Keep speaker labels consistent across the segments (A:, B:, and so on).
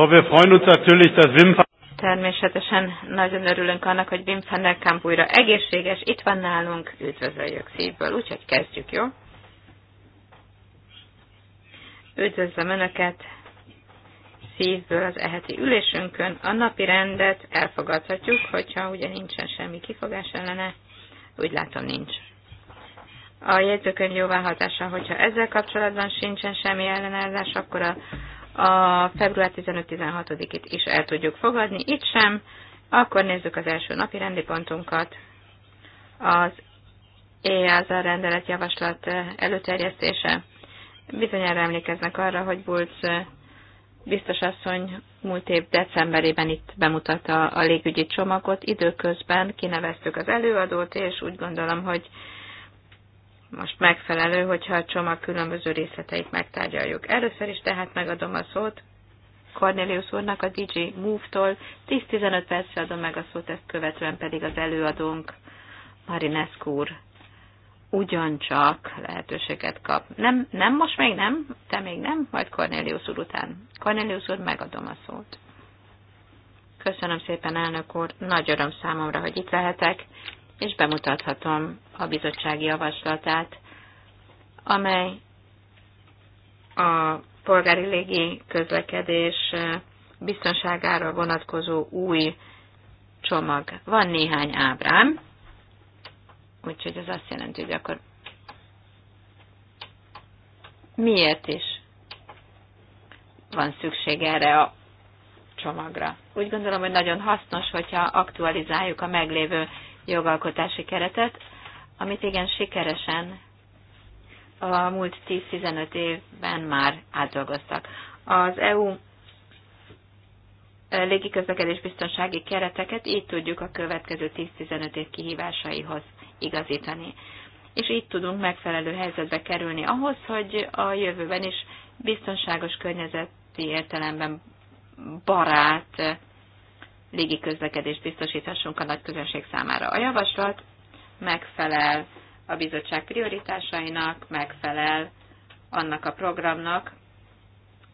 A: So, wir freuen uns natürlich, dass Wim Természetesen nagyon örülünk annak, hogy Wim van der Kamp újra egészséges, itt van nálunk, üdvözöljük szívből, úgyhogy kezdjük, jó? Üdvözlöm Önöket szívből az eheti ülésünkön. A napi rendet elfogadhatjuk, hogyha ugye nincsen semmi kifogás ellene, úgy látom nincs. A jegyzőkönyv jóváhatása, hogyha ezzel kapcsolatban sincsen semmi ellenállás, akkor a a február 15 16 ét is el tudjuk fogadni, itt sem. Akkor nézzük az első napi rendi pontunkat. Az EASA javaslat előterjesztése. Bizonyára emlékeznek arra, hogy Bulc biztos asszony múlt év decemberében itt bemutatta a légügyi csomagot. Időközben kineveztük az előadót, és úgy gondolom, hogy most megfelelő, hogyha a csomag különböző részleteit megtárgyaljuk. Először is tehát megadom a szót Cornelius úrnak a DJ Move-tól. 10-15 percre adom meg a szót, ezt követően pedig az előadónk Marinescu úr ugyancsak lehetőséget kap. Nem, nem, most még nem, te még nem, majd Cornelius úr után. Cornelius úr, megadom a szót. Köszönöm szépen, elnök úr, nagy öröm számomra, hogy itt lehetek, és bemutathatom a bizottsági javaslatát, amely a polgári légi közlekedés biztonságára vonatkozó új csomag. Van néhány ábrám, úgyhogy ez azt jelenti, hogy akkor miért is van szükség erre a csomagra. Úgy gondolom, hogy nagyon hasznos, hogyha aktualizáljuk a meglévő jogalkotási keretet, amit igen sikeresen a múlt 10-15 évben már átdolgoztak. Az EU légiközlekedés biztonsági kereteket így tudjuk a következő 10-15 év kihívásaihoz igazítani. És így tudunk megfelelő helyzetbe kerülni ahhoz, hogy a jövőben is biztonságos környezeti értelemben barát légi közlekedést biztosíthassunk a nagy közönség számára. A javaslat megfelel a bizottság prioritásainak, megfelel annak a programnak,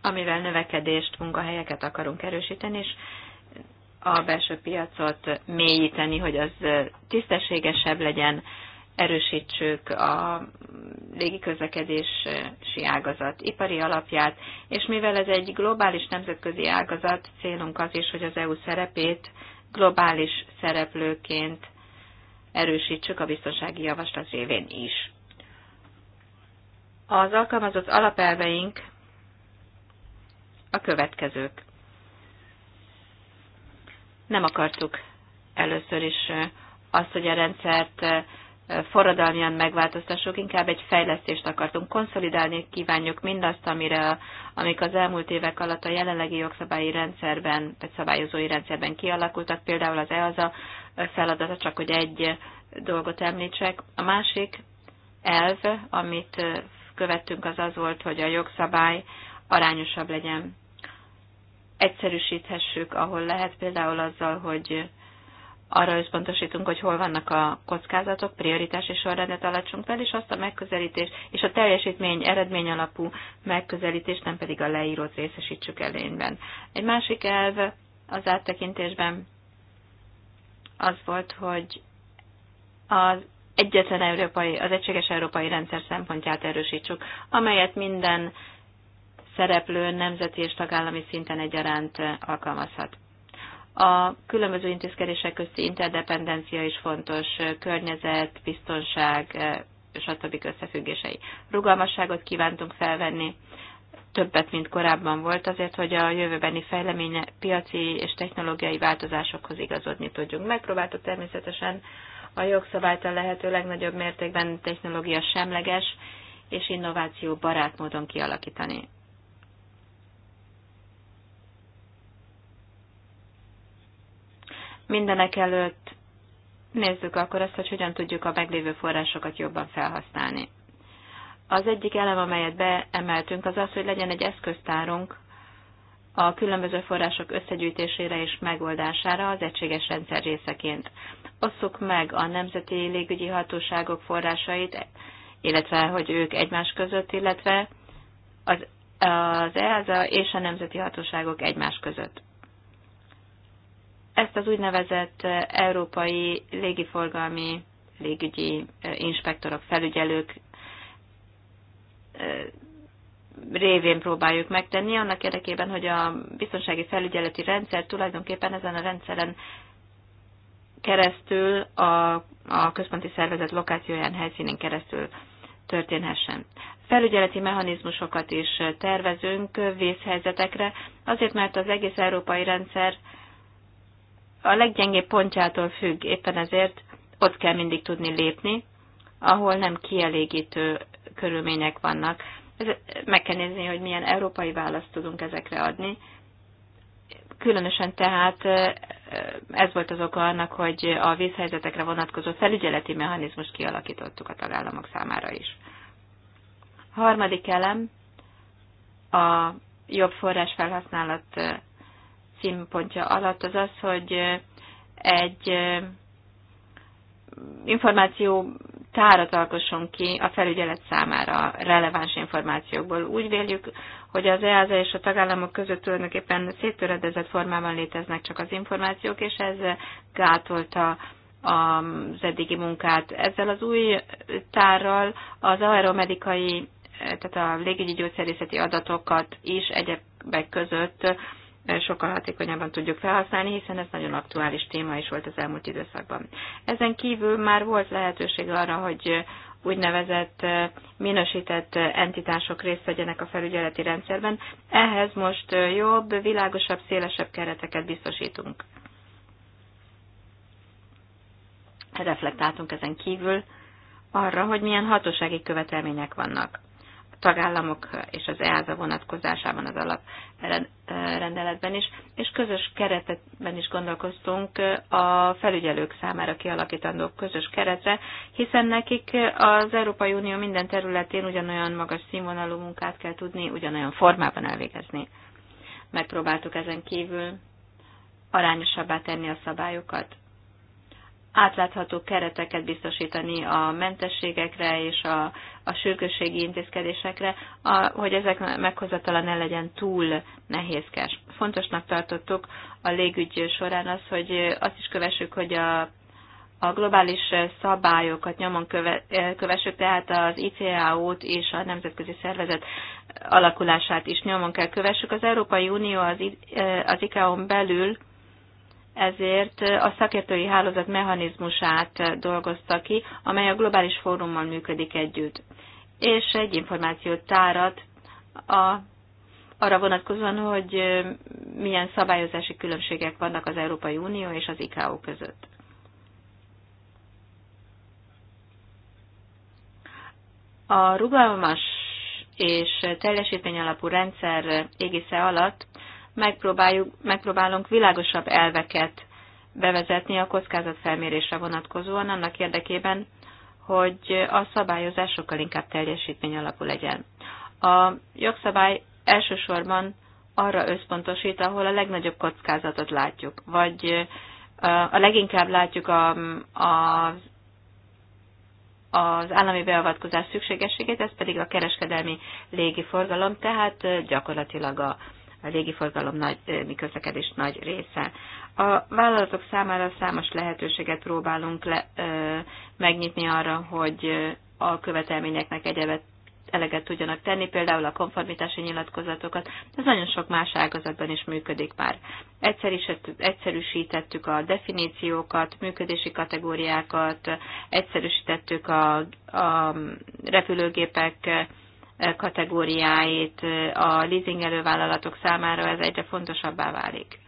A: amivel növekedést, munkahelyeket akarunk erősíteni, és a belső piacot mélyíteni, hogy az tisztességesebb legyen, erősítsük a légiközlekedési ágazat ipari alapját, és mivel ez egy globális nemzetközi ágazat, célunk az is, hogy az EU szerepét globális szereplőként erősítsük a biztonsági javaslat révén is. Az alkalmazott alapelveink a következők. Nem akartuk először is azt, hogy a rendszert forradalmian megváltoztassuk, inkább egy fejlesztést akartunk. Konszolidálni kívánjuk mindazt, amire, amik az elmúlt évek alatt a jelenlegi jogszabályi rendszerben, vagy szabályozói rendszerben kialakultak, például az EASA feladata, csak hogy egy dolgot említsek. A másik elv, amit követtünk, az az volt, hogy a jogszabály arányosabb legyen. Egyszerűsíthessük, ahol lehet, például azzal, hogy arra összpontosítunk, hogy hol vannak a kockázatok, prioritási sorrendet alacsunk fel, és azt a megközelítés és a teljesítmény eredmény alapú megközelítést, nem pedig a leírót részesítsük elényben. Egy másik elv az áttekintésben az volt, hogy az egyetlen európai, az egységes európai rendszer szempontját erősítsük, amelyet minden szereplő nemzeti és tagállami szinten egyaránt alkalmazhat. A különböző intézkedések közti interdependencia is fontos, környezet, biztonság, eh, stb. összefüggései. Rugalmasságot kívántunk felvenni, többet, mint korábban volt, azért, hogy a jövőbeni fejleménye piaci és technológiai változásokhoz igazodni tudjunk. Megpróbáltuk természetesen a jogszabályt a lehető legnagyobb mértékben technológia semleges és innováció barát módon kialakítani. Mindenek előtt nézzük akkor azt, hogy hogyan tudjuk a meglévő forrásokat jobban felhasználni. Az egyik elem, amelyet beemeltünk, az az, hogy legyen egy eszköztárunk a különböző források összegyűjtésére és megoldására az egységes rendszer részeként. Osszuk meg a nemzeti légügyi hatóságok forrásait, illetve hogy ők egymás között, illetve az, az EASA és a nemzeti hatóságok egymás között ezt az úgynevezett európai légiforgalmi légügyi inspektorok, felügyelők révén próbáljuk megtenni, annak érdekében, hogy a biztonsági felügyeleti rendszer tulajdonképpen ezen a rendszeren keresztül, a, a központi szervezet lokációján, helyszínén keresztül történhessen. Felügyeleti mechanizmusokat is tervezünk vészhelyzetekre, azért mert az egész európai rendszer a leggyengébb pontjától függ, éppen ezért ott kell mindig tudni lépni, ahol nem kielégítő körülmények vannak. Ez, meg kell nézni, hogy milyen európai választ tudunk ezekre adni. Különösen tehát ez volt az oka annak, hogy a vízhelyzetekre vonatkozó felügyeleti mechanizmus kialakítottuk a tagállamok számára is. Harmadik elem a jobb forrás felhasználat címpontja alatt az az, hogy egy információ tárat alkossunk ki a felügyelet számára releváns információkból. Úgy véljük, hogy az EASA és a tagállamok között tulajdonképpen széttöredezett formában léteznek csak az információk, és ez gátolta az eddigi munkát. Ezzel az új tárral az aeromedikai, tehát a légügyi gyógyszerészeti adatokat is egyebek között sokkal hatékonyabban tudjuk felhasználni, hiszen ez nagyon aktuális téma is volt az elmúlt időszakban. Ezen kívül már volt lehetőség arra, hogy úgynevezett minősített entitások részt vegyenek a felügyeleti rendszerben. Ehhez most jobb, világosabb, szélesebb kereteket biztosítunk. Reflektáltunk ezen kívül arra, hogy milyen hatósági követelmények vannak tagállamok és az EASA vonatkozásában az alaprendeletben eh, eh, is, és közös keretben is gondolkoztunk eh, a felügyelők számára kialakítandó közös keretre, hiszen nekik az Európai Unió minden területén ugyanolyan magas színvonalú munkát kell tudni, ugyanolyan formában elvégezni. Megpróbáltuk ezen kívül arányosabbá tenni a szabályokat átlátható kereteket biztosítani a mentességekre és a, a sürgősségi intézkedésekre, a, hogy ezek meghozatala ne legyen túl nehézkes. Fontosnak tartottuk a légügy során az, hogy azt is kövessük, hogy a, a globális szabályokat nyomon kövessük, tehát az ICAO-t és a nemzetközi szervezet alakulását is nyomon kell kövessük. Az Európai Unió az ICAO-n belül ezért a szakértői hálózat mechanizmusát dolgozta ki, amely a globális fórummal működik együtt. És egy információt tárat a, arra vonatkozóan, hogy milyen szabályozási különbségek vannak az Európai Unió és az ICAO között. A rugalmas és teljesítmény alapú rendszer égisze alatt megpróbáljuk, megpróbálunk világosabb elveket bevezetni a kockázatfelmérésre vonatkozóan, annak érdekében, hogy a szabályozás sokkal inkább teljesítmény alapú legyen. A jogszabály elsősorban arra összpontosít, ahol a legnagyobb kockázatot látjuk, vagy a leginkább látjuk a, a, az állami beavatkozás szükségességét, ez pedig a kereskedelmi légiforgalom, tehát gyakorlatilag a a légiforgalom nagy, közlekedés nagy része. A vállalatok számára számos lehetőséget próbálunk le, ö, megnyitni arra, hogy a követelményeknek egyebet eleget tudjanak tenni, például a konformitási nyilatkozatokat, ez nagyon sok más ágazatban is működik már. Egyszerűsítettük a definíciókat, működési kategóriákat, egyszerűsítettük a, a repülőgépek kategóriáit a leasing vállalatok számára ez egyre fontosabbá válik.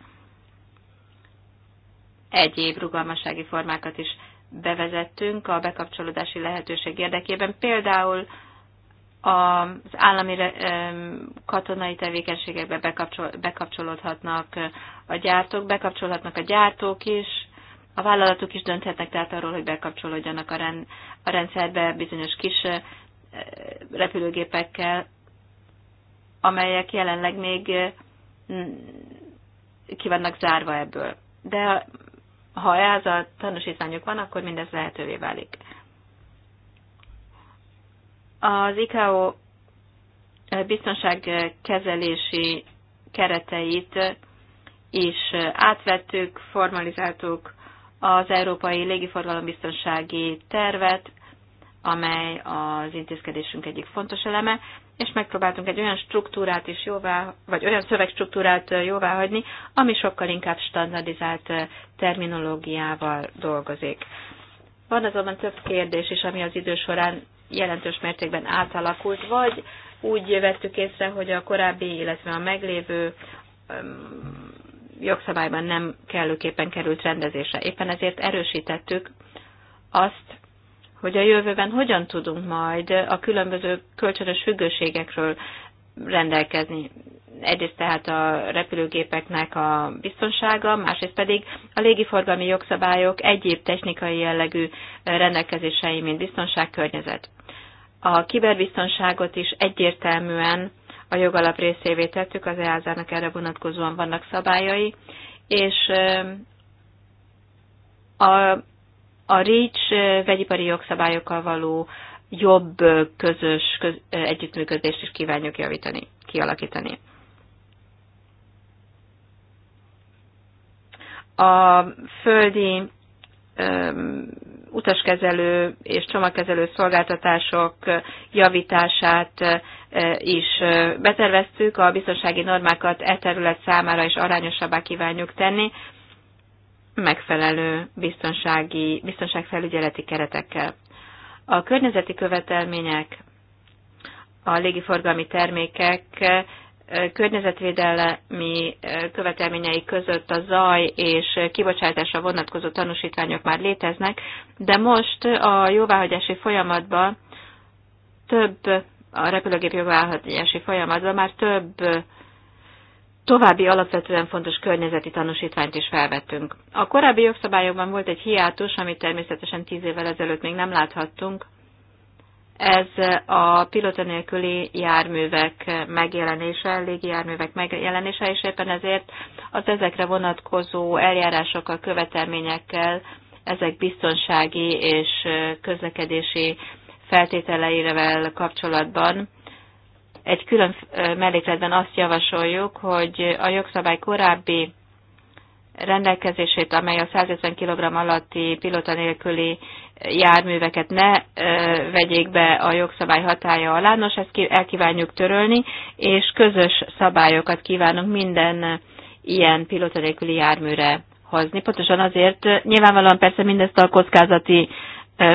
A: Egyéb rugalmassági formákat is bevezettünk a bekapcsolódási lehetőség érdekében, például az állami katonai tevékenységekbe bekapcsolódhatnak a gyártók, bekapcsolhatnak a gyártók is, a vállalatok is dönthetnek tehát arról, hogy bekapcsolódjanak a, a rendszerbe bizonyos kis repülőgépekkel, amelyek jelenleg még mm, ki vannak zárva ebből. De ha ez a tanúsítványok van, akkor mindez lehetővé válik. Az ICAO biztonságkezelési kereteit is átvettük, formalizáltuk az Európai Légiforgalombiztonsági Tervet, amely az intézkedésünk egyik fontos eleme, és megpróbáltunk egy olyan struktúrát is jóvá, vagy olyan szövegstruktúrát jóvá hagyni, ami sokkal inkább standardizált terminológiával dolgozik. Van azonban több kérdés is, ami az idő során jelentős mértékben átalakult, vagy úgy vettük észre, hogy a korábbi, illetve a meglévő jogszabályban nem kellőképpen került rendezésre. Éppen ezért erősítettük azt, hogy a jövőben hogyan tudunk majd a különböző kölcsönös függőségekről rendelkezni. Egyrészt tehát a repülőgépeknek a biztonsága, másrészt pedig a légiforgalmi jogszabályok egyéb technikai jellegű rendelkezései, mint biztonságkörnyezet. A kiberbiztonságot is egyértelműen a jogalap részévé tettük, az EASA-nak erre vonatkozóan vannak szabályai, és a a REACH vegyipari jogszabályokkal való jobb közös köz, együttműködést is kívánjuk javítani, kialakítani. A földi um, utaskezelő és csomagkezelő szolgáltatások javítását is beterveztük, a biztonsági normákat e terület számára is arányosabbá kívánjuk tenni, megfelelő biztonsági, biztonságfelügyeleti keretekkel. A környezeti követelmények, a légiforgalmi termékek környezetvédelmi követelményei között a zaj és kibocsátásra vonatkozó tanúsítványok már léteznek, de most a jóváhagyási folyamatban több, a repülőgép jóváhagyási folyamatban már több további alapvetően fontos környezeti tanúsítványt is felvettünk. A korábbi jogszabályokban volt egy hiátus, amit természetesen tíz évvel ezelőtt még nem láthattunk. Ez a pilota nélküli járművek megjelenése, légijárművek megjelenése, és éppen ezért az ezekre vonatkozó eljárásokkal, követelményekkel ezek biztonsági és közlekedési feltételeivel kapcsolatban egy külön mellékletben azt javasoljuk, hogy a jogszabály korábbi rendelkezését, amely a 150 kg alatti pilota nélküli járműveket ne ö, vegyék be a jogszabály hatája alá. Nos, ezt ki, elkívánjuk törölni, és közös szabályokat kívánunk minden ilyen pilota nélküli járműre hozni. Pontosan azért, nyilvánvalóan persze mindezt a kockázati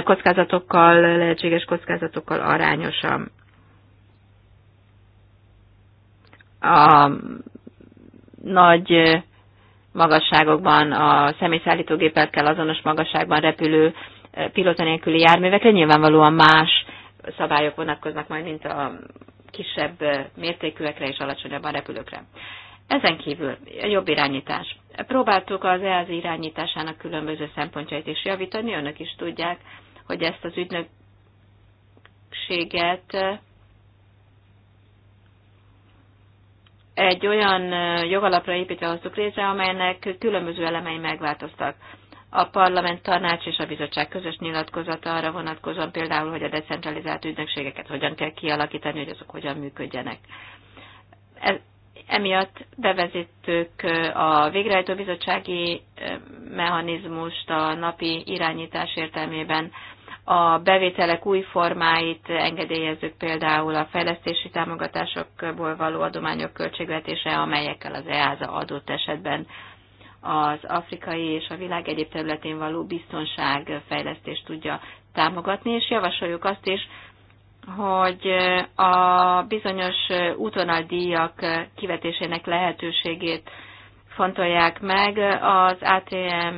A: kockázatokkal, lehetséges kockázatokkal arányosan. a nagy magasságokban a személyszállítógépekkel azonos magasságban repülő pilóta nélküli járművekre nyilvánvalóan más szabályok vonatkoznak majd, mint a kisebb mértékűekre és alacsonyabban repülőkre. Ezen kívül jobb irányítás. Próbáltuk az EAZ irányításának különböző szempontjait is javítani, önök is tudják, hogy ezt az ügynökséget egy olyan jogalapra építve hoztuk létre, amelynek különböző elemei megváltoztak. A parlament tanács és a bizottság közös nyilatkozata arra vonatkozóan például, hogy a decentralizált ügynökségeket hogyan kell kialakítani, hogy azok hogyan működjenek. Ez, emiatt bevezettük a végrehajtó bizottsági mechanizmust a napi irányítás értelmében, a bevételek új formáit engedélyezzük például a fejlesztési támogatásokból való adományok költségvetése, amelyekkel az EASA adott esetben az afrikai és a világ egyéb területén való biztonságfejlesztést tudja támogatni, és javasoljuk azt is, hogy a bizonyos útvonaldíjak kivetésének lehetőségét fontolják meg az ATM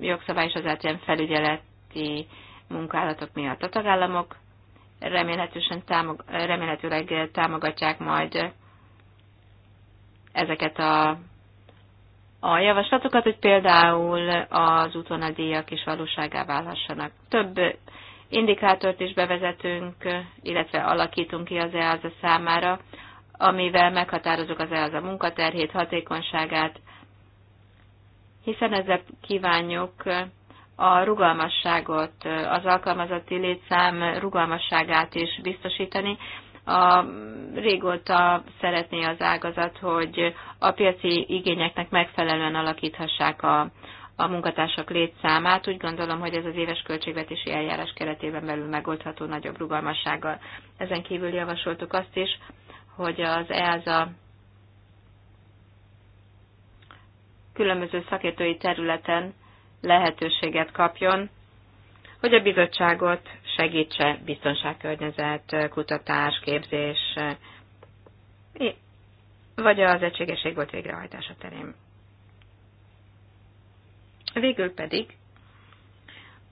A: jogszabály és az ATM felügyeleti munkálatok miatt. A tagállamok remélhetősen támog, remélhetőleg támogatják majd ezeket a, a javaslatokat, hogy például az útvonaldíjak is valóságá válhassanak. Több indikátort is bevezetünk, illetve alakítunk ki az EASA számára, amivel meghatározok az EASA munkaterhét, hatékonyságát, hiszen ezzel kívánjuk a rugalmasságot, az alkalmazotti létszám rugalmasságát is biztosítani. A, régóta szeretné az ágazat, hogy a piaci igényeknek megfelelően alakíthassák a, a munkatársak létszámát. Úgy gondolom, hogy ez az éves költségvetési eljárás keretében belül megoldható nagyobb rugalmassággal. Ezen kívül javasoltuk azt is, hogy az EASA különböző szakértői területen lehetőséget kapjon, hogy a bizottságot segítse biztonságkörnyezet, kutatás, képzés, vagy az egységesség volt végrehajtása terén. Végül pedig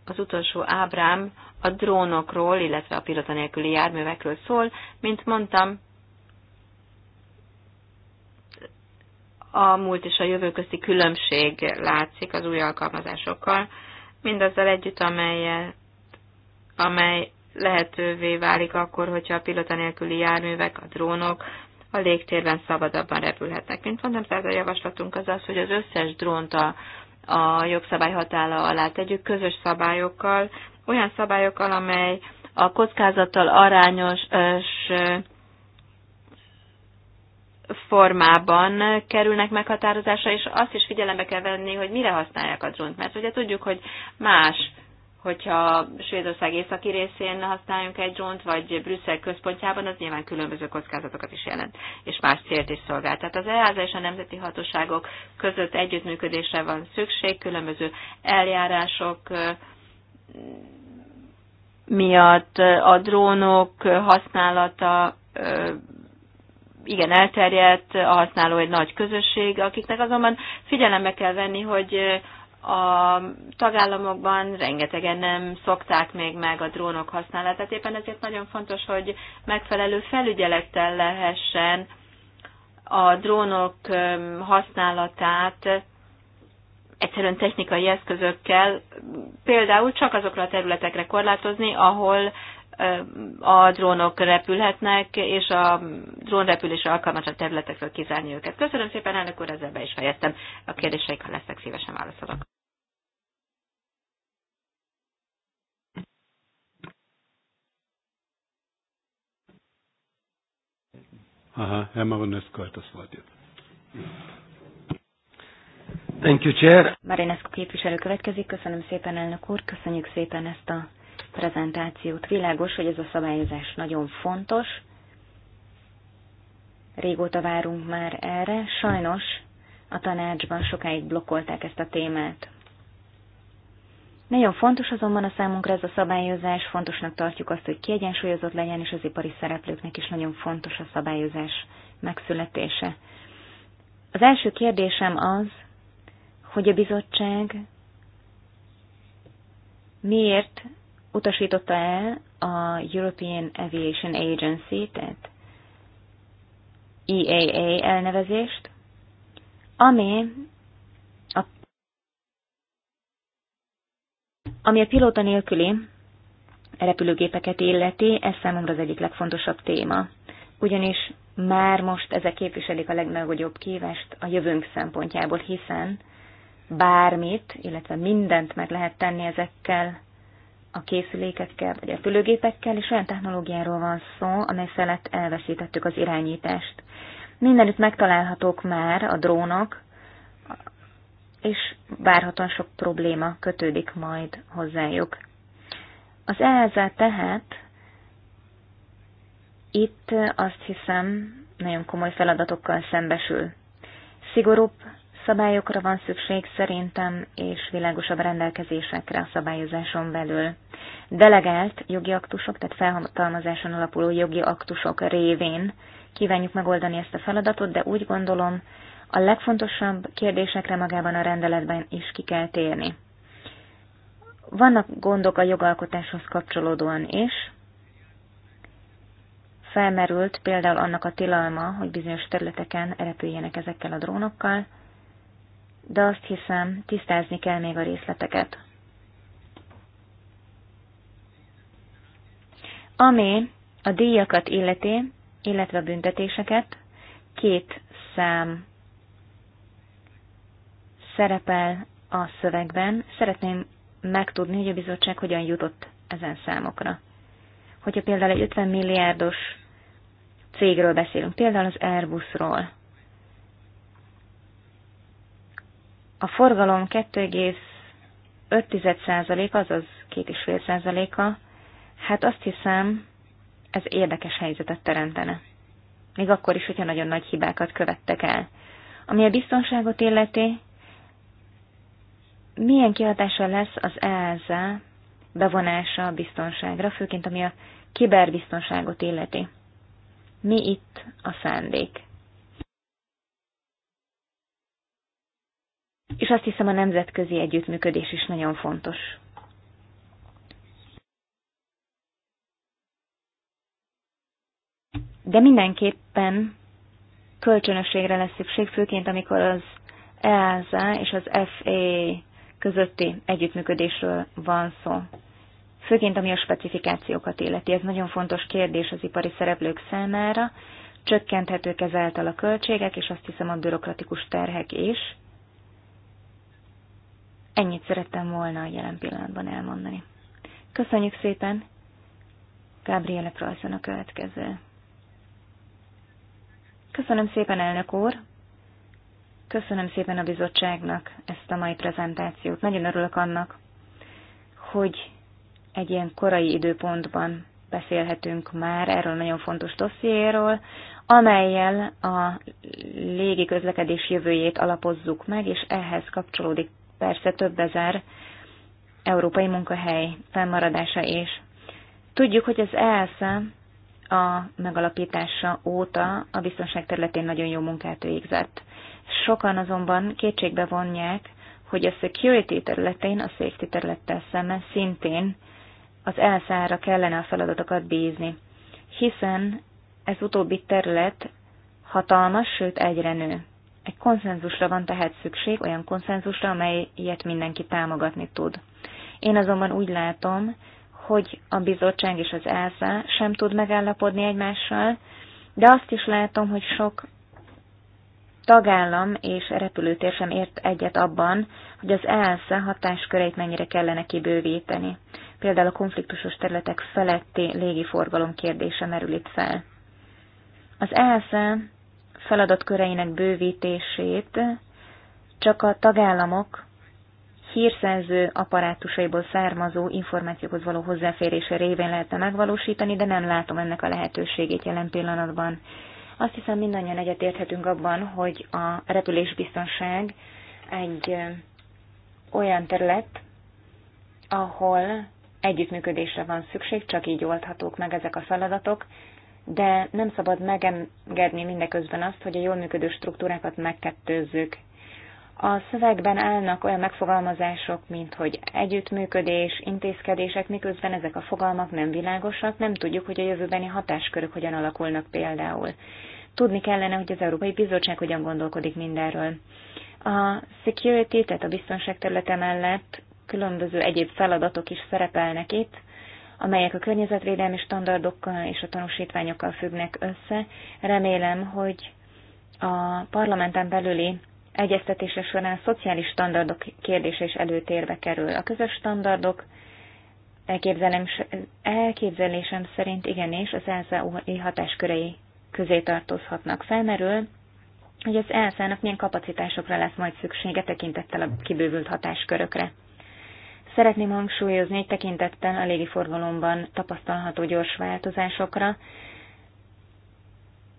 A: az utolsó ábrám a drónokról, illetve a pilota nélküli járművekről szól. Mint mondtam, a múlt és a jövő közti különbség látszik az új alkalmazásokkal, mindazzal együtt, amelyet, amely lehetővé válik akkor, hogyha a pilota nélküli járművek, a drónok a légtérben szabadabban repülhetnek. Mint mondtam, tehát a javaslatunk az az, hogy az összes drónt a, a jogszabály hatála alá tegyük közös szabályokkal, olyan szabályokkal, amely a kockázattal arányos formában kerülnek meghatározásra, és azt is figyelembe kell venni, hogy mire használják a drónt. Mert ugye tudjuk, hogy más, hogyha Svédország északi részén használjunk egy drónt, vagy Brüsszel központjában, az nyilván különböző kockázatokat is jelent, és más célt is szolgál. Tehát az EASA és a nemzeti hatóságok között együttműködésre van szükség, különböző eljárások miatt a drónok használata igen elterjedt, a használó egy nagy közösség, akiknek azonban figyelembe kell venni, hogy a tagállamokban rengetegen nem szokták még meg a drónok használatát, éppen ezért nagyon fontos, hogy megfelelő felügyelettel lehessen a drónok használatát egyszerűen technikai eszközökkel például csak azokra a területekre korlátozni, ahol a drónok repülhetnek, és a drónrepülésre alkalmazott területekről kizárni őket. Köszönöm szépen, elnök úr, ezzel be is fejeztem. A kérdéseik, ha lesznek,
B: szívesen válaszolok.
A: Aha, Emma van Öszkölt, azt volt Thank you,
C: Chair. Marinescu képviselő következik. Köszönöm szépen, elnök úr. Köszönjük szépen ezt a prezentációt. Világos, hogy ez a szabályozás nagyon fontos. Régóta várunk már erre. Sajnos a tanácsban sokáig blokkolták ezt a témát. Nagyon fontos azonban a számunkra ez a szabályozás, fontosnak tartjuk azt, hogy kiegyensúlyozott legyen, és az ipari szereplőknek is nagyon fontos a szabályozás megszületése. Az első kérdésem az, hogy a bizottság miért utasította el a European Aviation Agency, tehát EAA elnevezést, ami a, ami a pilóta nélküli repülőgépeket illeti, ez számomra az egyik legfontosabb téma. Ugyanis már most ezek képviselik a legnagyobb kívást a jövőnk szempontjából, hiszen bármit, illetve mindent meg lehet tenni ezekkel a készülékekkel vagy a fülőgépekkel, és olyan technológiáról van szó, amely felett elveszítettük az irányítást. Mindenütt megtalálhatók már a drónok, és várhatóan sok probléma kötődik majd hozzájuk. Az EASA tehát itt azt hiszem nagyon komoly feladatokkal szembesül. Szigorúbb szabályokra van szükség szerintem, és világosabb rendelkezésekre a szabályozáson belül. Delegált jogi aktusok, tehát felhatalmazáson alapuló jogi aktusok révén kívánjuk megoldani ezt a feladatot, de úgy gondolom, a legfontosabb kérdésekre magában a rendeletben is ki kell térni. Vannak gondok a jogalkotáshoz kapcsolódóan is. Felmerült például annak a tilalma, hogy bizonyos területeken repüljenek ezekkel a drónokkal, de azt hiszem, tisztázni kell még a részleteket. Ami a díjakat illeti, illetve a büntetéseket, két szám szerepel a szövegben. Szeretném megtudni, hogy a bizottság hogyan jutott ezen számokra. Hogyha például egy 50 milliárdos cégről beszélünk, például az Airbusról, A forgalom 2,5% azaz 2,5%-a, hát azt hiszem, ez érdekes helyzetet teremtene. Még akkor is, hogyha nagyon nagy hibákat követtek el. Ami a biztonságot illeti, milyen kihatása lesz az EASA bevonása a biztonságra, főként ami a kiberbiztonságot illeti? Mi itt a szándék? és azt hiszem a nemzetközi együttműködés is nagyon fontos. De mindenképpen kölcsönösségre lesz szükség, főként amikor az EASA és az FA közötti együttműködésről van szó. Főként ami a specifikációkat illeti, ez nagyon fontos kérdés az ipari szereplők számára, csökkenthetők ezáltal a költségek, és azt hiszem a bürokratikus terhek is. Ennyit szerettem volna a jelen pillanatban elmondani. Köszönjük szépen! Gabriele Prolson a következő. Köszönöm szépen, elnök úr! Köszönöm szépen a bizottságnak ezt a mai prezentációt. Nagyon örülök annak, hogy egy ilyen korai időpontban beszélhetünk már erről nagyon fontos dossziéről, amelyel a légi közlekedés jövőjét alapozzuk meg, és ehhez kapcsolódik persze több ezer európai munkahely felmaradása is. Tudjuk, hogy az ELSA a megalapítása óta a biztonság területén nagyon jó munkát végzett. Sokan azonban kétségbe vonják, hogy a security területén, a safety területtel szemben szintén az elszára kellene a feladatokat bízni, hiszen ez utóbbi terület hatalmas, sőt egyre nő. Egy konszenzusra van tehát szükség, olyan konszenzusra, amelyet mindenki támogatni tud. Én azonban úgy látom, hogy a bizottság és az ELSA sem tud megállapodni egymással, de azt is látom, hogy sok tagállam és repülőtér sem ért egyet abban, hogy az ELSA hatásköreit mennyire kellene kibővíteni. Például a konfliktusos területek feletti légiforgalom kérdése merül itt fel. Az ELSA feladatköreinek bővítését csak a tagállamok hírszerző apparátusaiból származó információkhoz való hozzáférése révén lehetne megvalósítani, de nem látom ennek a lehetőségét jelen pillanatban. Azt hiszem mindannyian egyetérthetünk abban, hogy a repülésbiztonság egy olyan terület, ahol együttműködésre van szükség, csak így oldhatók meg ezek a feladatok, de nem szabad megengedni mindeközben azt, hogy a jól működő struktúrákat megkettőzzük. A szövegben állnak olyan megfogalmazások, mint hogy együttműködés, intézkedések, miközben ezek a fogalmak nem világosak, nem tudjuk, hogy a jövőbeni hatáskörök hogyan alakulnak például. Tudni kellene, hogy az Európai Bizottság hogyan gondolkodik mindenről. A security, tehát a biztonság területe mellett különböző egyéb feladatok is szerepelnek itt, amelyek a környezetvédelmi standardokkal és a tanúsítványokkal függnek össze. Remélem, hogy a parlamenten belüli egyeztetése során szociális standardok kérdése is előtérbe kerül. A közös standardok elképzelésem szerint igenis az elsa hatásköréi hatáskörei közé tartozhatnak. Felmerül, hogy az ELSA-nak milyen kapacitásokra lesz majd szüksége tekintettel a kibővült hatáskörökre. Szeretném hangsúlyozni egy tekintettel a légiforgalomban tapasztalható gyors változásokra.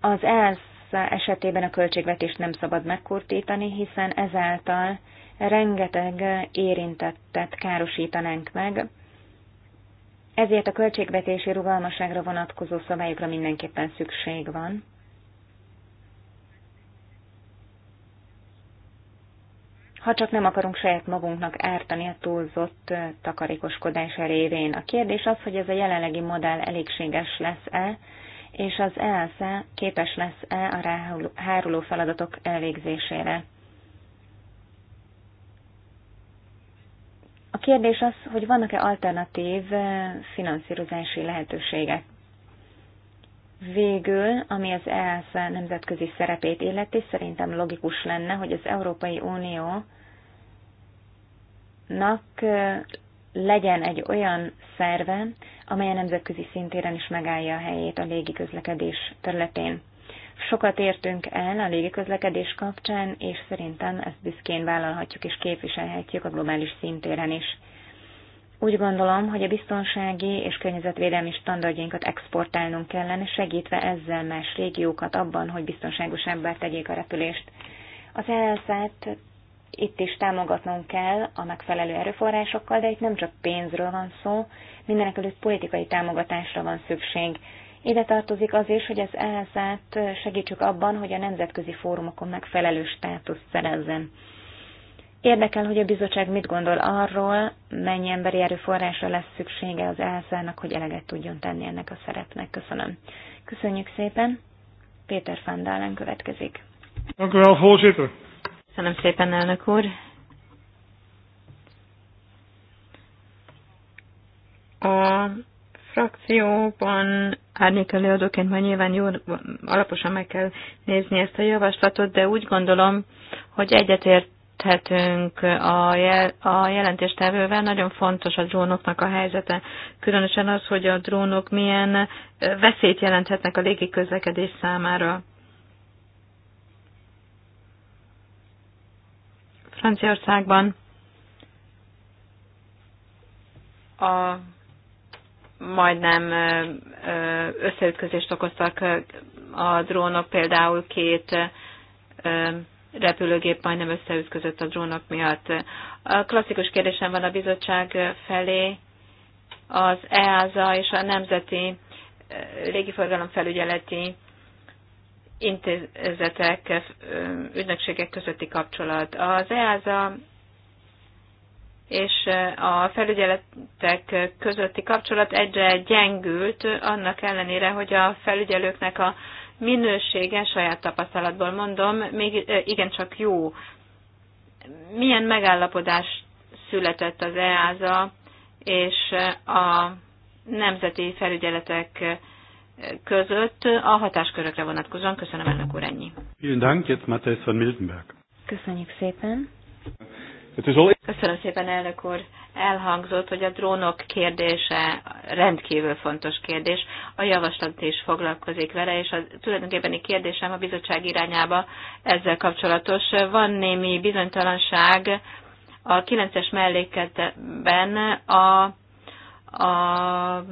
C: Az ELSZ esetében a költségvetést nem szabad megkurtítani, hiszen ezáltal rengeteg érintettet károsítanánk meg, ezért a költségvetési rugalmaságra vonatkozó szabályokra mindenképpen szükség van. ha csak nem akarunk saját magunknak ártani a túlzott takarékoskodás révén. A kérdés az, hogy ez a jelenlegi modell elégséges lesz-e, és az ELSZ-e képes lesz-e a ráháruló feladatok elvégzésére. A kérdés az, hogy vannak-e alternatív finanszírozási lehetőségek. Végül, ami az ELSZ nemzetközi szerepét illeti, szerintem logikus lenne, hogy az Európai Unió nak legyen egy olyan szerve, amely a nemzetközi szintéren is megállja a helyét a légiközlekedés területén. Sokat értünk el a légiközlekedés kapcsán, és szerintem ezt büszkén vállalhatjuk és képviselhetjük a globális szintéren is. Úgy gondolom, hogy a biztonsági és környezetvédelmi standardjainkat exportálnunk kellene, segítve ezzel más régiókat abban, hogy biztonságosabbá tegyék a repülést. Az elszállt itt is támogatnunk kell a megfelelő erőforrásokkal, de itt nem csak pénzről van szó, mindenek előtt politikai támogatásra van szükség. Ide tartozik az is, hogy az elsz át segítsük abban, hogy a nemzetközi fórumokon megfelelő státuszt szerezzen. Érdekel, hogy a bizottság mit gondol arról, mennyi emberi erőforrásra lesz szüksége az elszának, hogy eleget tudjon tenni ennek a szerepnek. Köszönöm. Köszönjük szépen. Péter Fandálen következik.
A: Köszönöm, Köszönöm szépen, elnök úr. A frakcióban árnyék előadóként majd nyilván jó, alaposan meg kell nézni ezt a javaslatot, de úgy gondolom, hogy egyetérthetünk a, jel, a jelentéstevővel. Nagyon fontos a drónoknak a helyzete. Különösen az, hogy a drónok milyen veszélyt jelenthetnek a légiközlekedés számára. Franciaországban a majdnem összeütközést okoztak a drónok, például két repülőgép majdnem összeütközött a drónok miatt. A klasszikus kérdésem van a bizottság felé, az EASA és a Nemzeti Légiforgalom Felügyeleti intézetek, ügynökségek közötti kapcsolat. Az EASA és a felügyeletek közötti kapcsolat egyre gyengült, annak ellenére, hogy a felügyelőknek a minősége, saját tapasztalatból mondom, még igencsak jó. Milyen megállapodás született az EASA és a nemzeti felügyeletek között a hatáskörökre vonatkozóan. Köszönöm, elnök úr, ennyi. Köszönjük szépen. Köszönöm szépen, elnök úr. Elhangzott, hogy a drónok kérdése rendkívül fontos kérdés. A javaslat is foglalkozik vele, és a tulajdonképpeni kérdésem a bizottság irányába ezzel kapcsolatos. Van némi bizonytalanság a 9-es melléketben a, a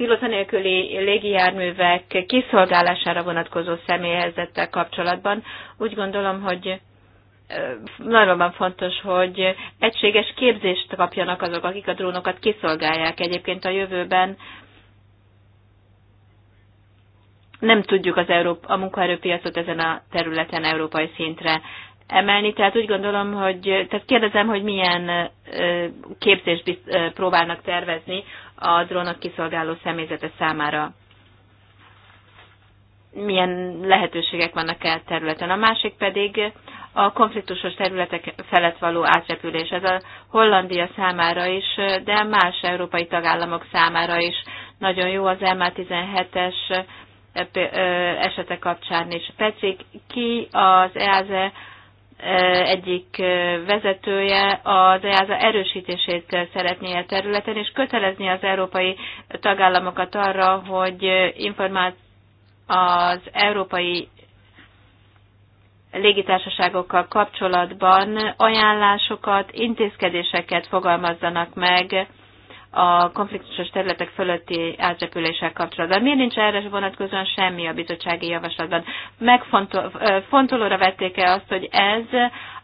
A: pilóta nélküli légijárművek kiszolgálására vonatkozó személyhelyzettel kapcsolatban úgy gondolom, hogy nagyon fontos, hogy egységes képzést kapjanak azok, akik a drónokat kiszolgálják. Egyébként a jövőben nem tudjuk az Európa, a munkaerőpiacot ezen a területen európai szintre emelni, tehát úgy gondolom, hogy tehát kérdezem, hogy milyen képzést próbálnak tervezni a drónok kiszolgáló személyzete számára milyen lehetőségek vannak el területen. A másik pedig a konfliktusos területek felett való átrepülés. Ez a Hollandia számára is, de más európai tagállamok számára is nagyon jó az MA17-es eh, eh, esete kapcsán is. Pecik, ki az EASE egyik vezetője az EASA erősítését szeretné a területen, és kötelezni az európai tagállamokat arra, hogy informált az európai légitársaságokkal kapcsolatban ajánlásokat, intézkedéseket fogalmazzanak meg a konfliktusos területek fölötti átrepüléssel kapcsolatban. Miért nincs erre vonatkozóan semmi a bizottsági javaslatban? Megfontolóra vették-e azt, hogy ez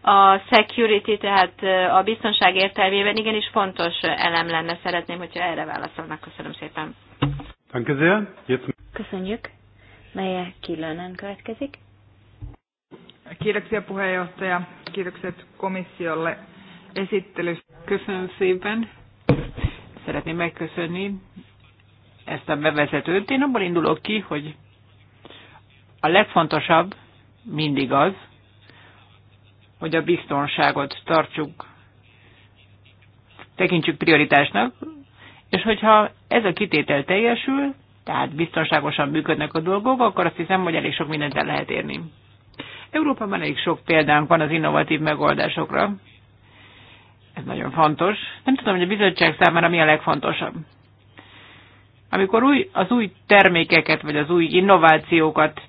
A: a security, tehát a biztonság értelmében igenis fontos elem lenne. Szeretném, hogyha
C: erre válaszolnak. Köszönöm szépen. Köszönjük. Melye
B: Kilönen következik. Kiitoksia puheenjohtaja. Kiitokset komissiolle esittelystä. Köszönöm szépen szeretném megköszönni ezt a bevezetőt. Én abból indulok ki, hogy a legfontosabb mindig az, hogy a biztonságot tartsuk, tekintsük prioritásnak, és hogyha ez a kitétel teljesül, tehát biztonságosan működnek a dolgok, akkor azt hiszem, hogy elég sok mindent el lehet érni. Európában elég sok példánk van az innovatív megoldásokra. Ez nagyon fontos. Nem tudom, hogy a bizottság számára mi a legfontosabb. Amikor új, az új termékeket, vagy az új innovációkat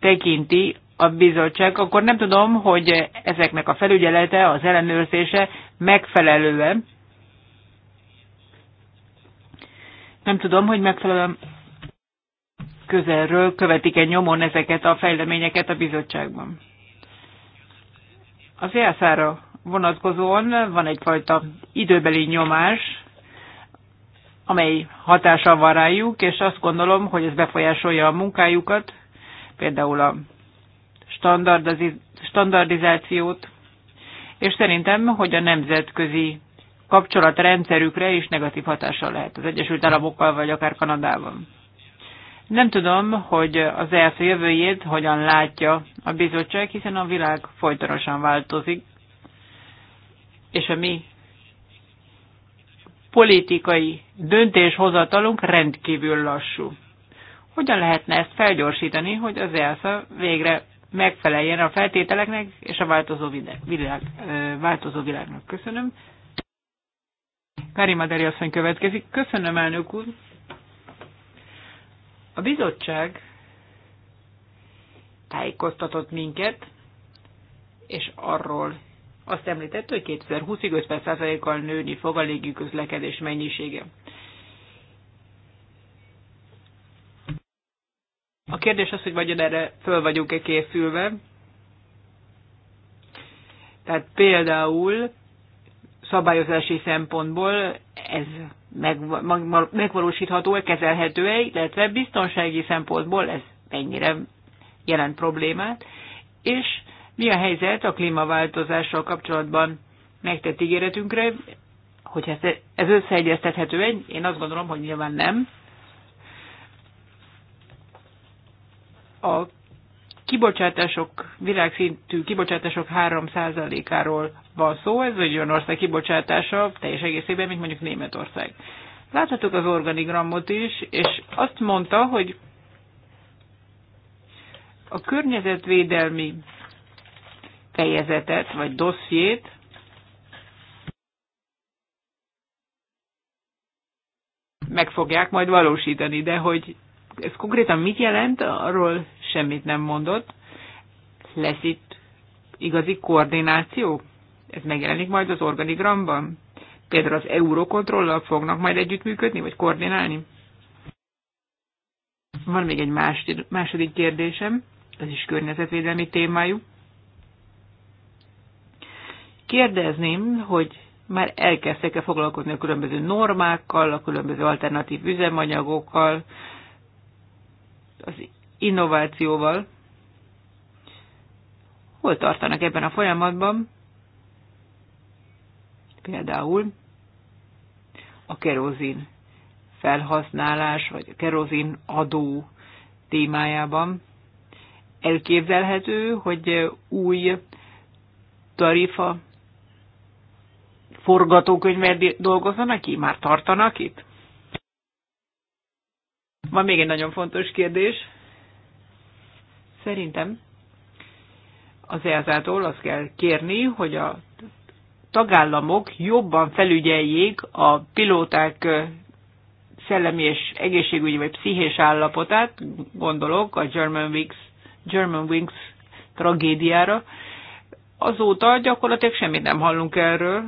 B: tekinti a bizottság, akkor nem tudom, hogy ezeknek a felügyelete, az ellenőrzése megfelelően. Nem tudom, hogy megfelelően közelről követik-e nyomon ezeket a fejleményeket a bizottságban. Az EASZ-ra vonatkozóan van egyfajta időbeli nyomás, amely hatással van rájuk, és azt gondolom, hogy ez befolyásolja a munkájukat, például a standardizációt, és szerintem, hogy a nemzetközi kapcsolatrendszerükre is negatív hatással lehet az Egyesült Államokkal, vagy akár Kanadában. Nem tudom, hogy az ELF jövőjét hogyan látja a bizottság, hiszen a világ folytonosan változik és a mi politikai döntéshozatalunk rendkívül lassú. Hogyan lehetne ezt felgyorsítani, hogy az ELSZA végre megfeleljen a feltételeknek és a változó, világ, változó világnak? Köszönöm. Karim Deri asszony következik. Köszönöm, elnök úr. A bizottság tájékoztatott minket, és arról azt említette, hogy 2020-ig 50%-kal nőni fog a légi közlekedés mennyisége. A kérdés az, hogy vajon erre föl vagyunk-e készülve. Tehát például szabályozási szempontból ez megvalósítható-e, kezelhető-e, illetve biztonsági szempontból ez mennyire jelent problémát, és mi a helyzet a klímaváltozással kapcsolatban megtett ígéretünkre, hogy ez összeegyeztethető, én azt gondolom, hogy nyilván nem. A kibocsátások, világszintű kibocsátások 3%-áról van szó, ez egy olyan ország kibocsátása teljes egészében, mint mondjuk Németország. Láthatok az organigramot is, és azt mondta, hogy a környezetvédelmi fejezetet, vagy dossziét, meg fogják majd valósítani, de hogy ez konkrétan mit jelent, arról semmit nem mondott. Lesz itt igazi koordináció? Ez megjelenik majd az organigramban? Például az eurokontrollal fognak majd együttműködni, vagy koordinálni? Van még egy második kérdésem, ez is környezetvédelmi témájú. Kérdezném, hogy már elkezdtek-e foglalkozni a különböző normákkal, a különböző alternatív üzemanyagokkal, az innovációval. Hol tartanak ebben a folyamatban? Például a kerozin felhasználás, vagy a kerozin adó témájában. Elképzelhető, hogy új tarifa forgatókönyvet dolgozzanak ki? Már tartanak itt? Van még egy nagyon fontos kérdés. Szerintem az EASA-tól azt kell kérni, hogy a tagállamok jobban felügyeljék a pilóták szellemi és egészségügyi vagy pszichés állapotát, gondolok a German Wings, German Wings tragédiára. Azóta gyakorlatilag semmit nem hallunk erről.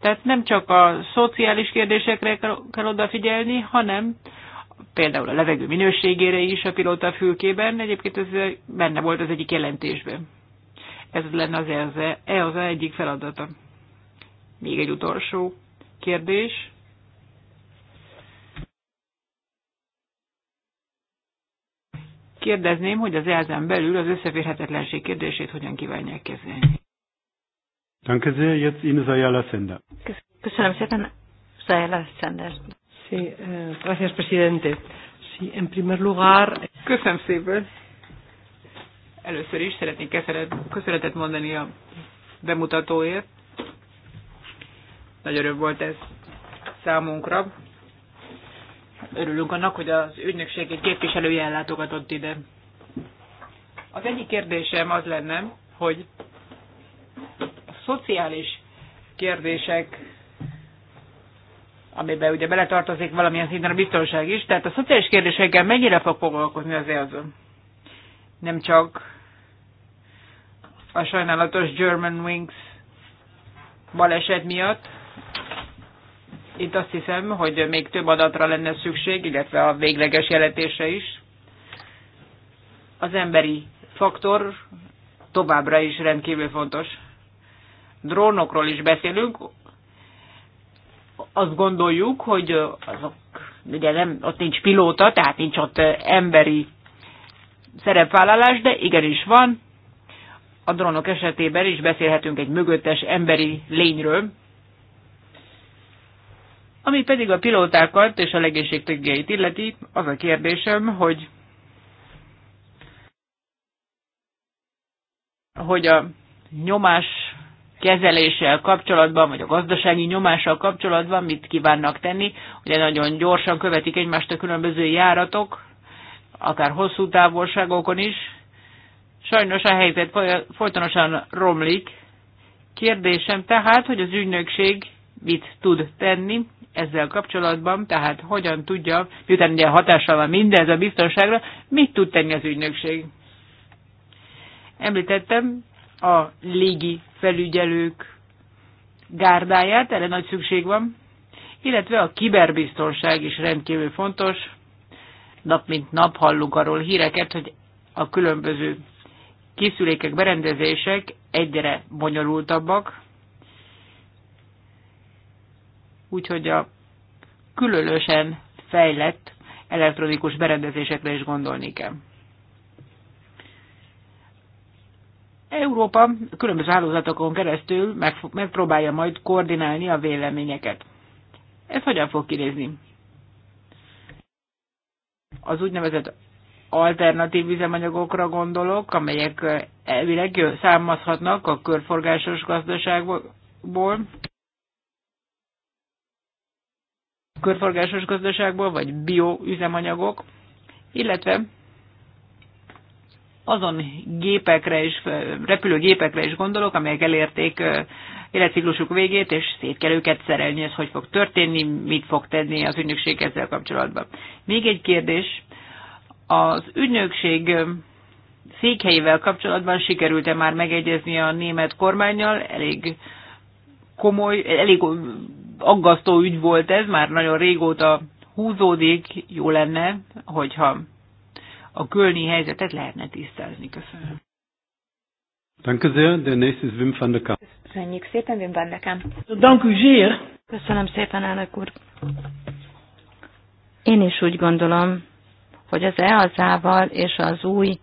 B: Tehát nem csak a szociális kérdésekre kell odafigyelni, hanem például a levegő minőségére is a pilóta fülkében. Egyébként ez benne volt az egyik jelentésben. Ez lenne az e az egyik feladata. Még egy utolsó kérdés. Kérdezném, hogy az ELZE-n belül az összeférhetetlenség kérdését hogyan kívánják kezelni.
A: Danke sehr, jetzt Ihnen Sayala Sender.
B: Köszönöm szépen, Ayala Sender. Sí, eh, gracias, presidente. Sí, en primer lugar... Köszönöm szépen. Először is szeretnék köszönetet mondani a bemutatóért. Nagy öröm volt ez számunkra. Örülünk annak, hogy az ügynökség egy képviselője ellátogatott ide. Az egyik kérdésem az lenne, hogy szociális kérdések, amiben ugye beletartozik valamilyen szinten a biztonság is, tehát a szociális kérdésekkel mennyire fog foglalkozni az EASO? Nem csak a sajnálatos German Wings baleset miatt. Itt azt hiszem, hogy még több adatra lenne szükség, illetve a végleges jelentése is. Az emberi faktor továbbra is rendkívül fontos drónokról is beszélünk, azt gondoljuk, hogy azok, ugye nem, ott nincs pilóta, tehát nincs ott emberi szerepvállalás, de igenis van. A drónok esetében is beszélhetünk egy mögöttes emberi lényről, ami pedig a pilótákat és a legénységtagjait illeti, az a kérdésem, hogy hogy a nyomás kezeléssel kapcsolatban, vagy a gazdasági nyomással kapcsolatban mit kívánnak tenni. Ugye nagyon gyorsan követik egymást a különböző járatok, akár hosszú távolságokon is. Sajnos a helyzet folytonosan romlik. Kérdésem tehát, hogy az ügynökség mit tud tenni ezzel kapcsolatban, tehát hogyan tudja, miután ugye hatással van mindez a biztonságra, mit tud tenni az ügynökség? Említettem a légi felügyelők gárdáját, erre nagy szükség van, illetve a kiberbiztonság is rendkívül fontos. Nap mint nap hallunk arról híreket, hogy a különböző készülékek, berendezések egyre bonyolultabbak, úgyhogy a különösen fejlett elektronikus berendezésekre is gondolni kell. Európa különböző hálózatokon keresztül megpróbálja majd koordinálni a véleményeket. Ez hogyan fog kinézni? Az úgynevezett alternatív üzemanyagokra gondolok, amelyek elvileg számazhatnak a körforgásos gazdaságból, körforgásos gazdaságból, vagy bioüzemanyagok, illetve azon gépekre is, repülőgépekre is gondolok, amelyek elérték életciklusuk végét, és szét kell őket szerelni, ez hogy fog történni, mit fog tenni az ügynökség ezzel kapcsolatban. Még egy kérdés, az ügynökség székhelyével kapcsolatban sikerült-e már megegyezni a német kormányjal, elég komoly, elég aggasztó ügy volt ez, már nagyon régóta húzódik, jó lenne, hogyha a kölni helyzetet lehetne tisztázni. Köszönöm.
A: Danke sehr. Der nächste ist Wim van der Kamp.
B: Köszönjük
C: szépen, Wim van der Kamp.
B: Danke sehr. Köszönöm szépen, elnök úr.
A: Én is úgy gondolom, hogy az EASA-val és az új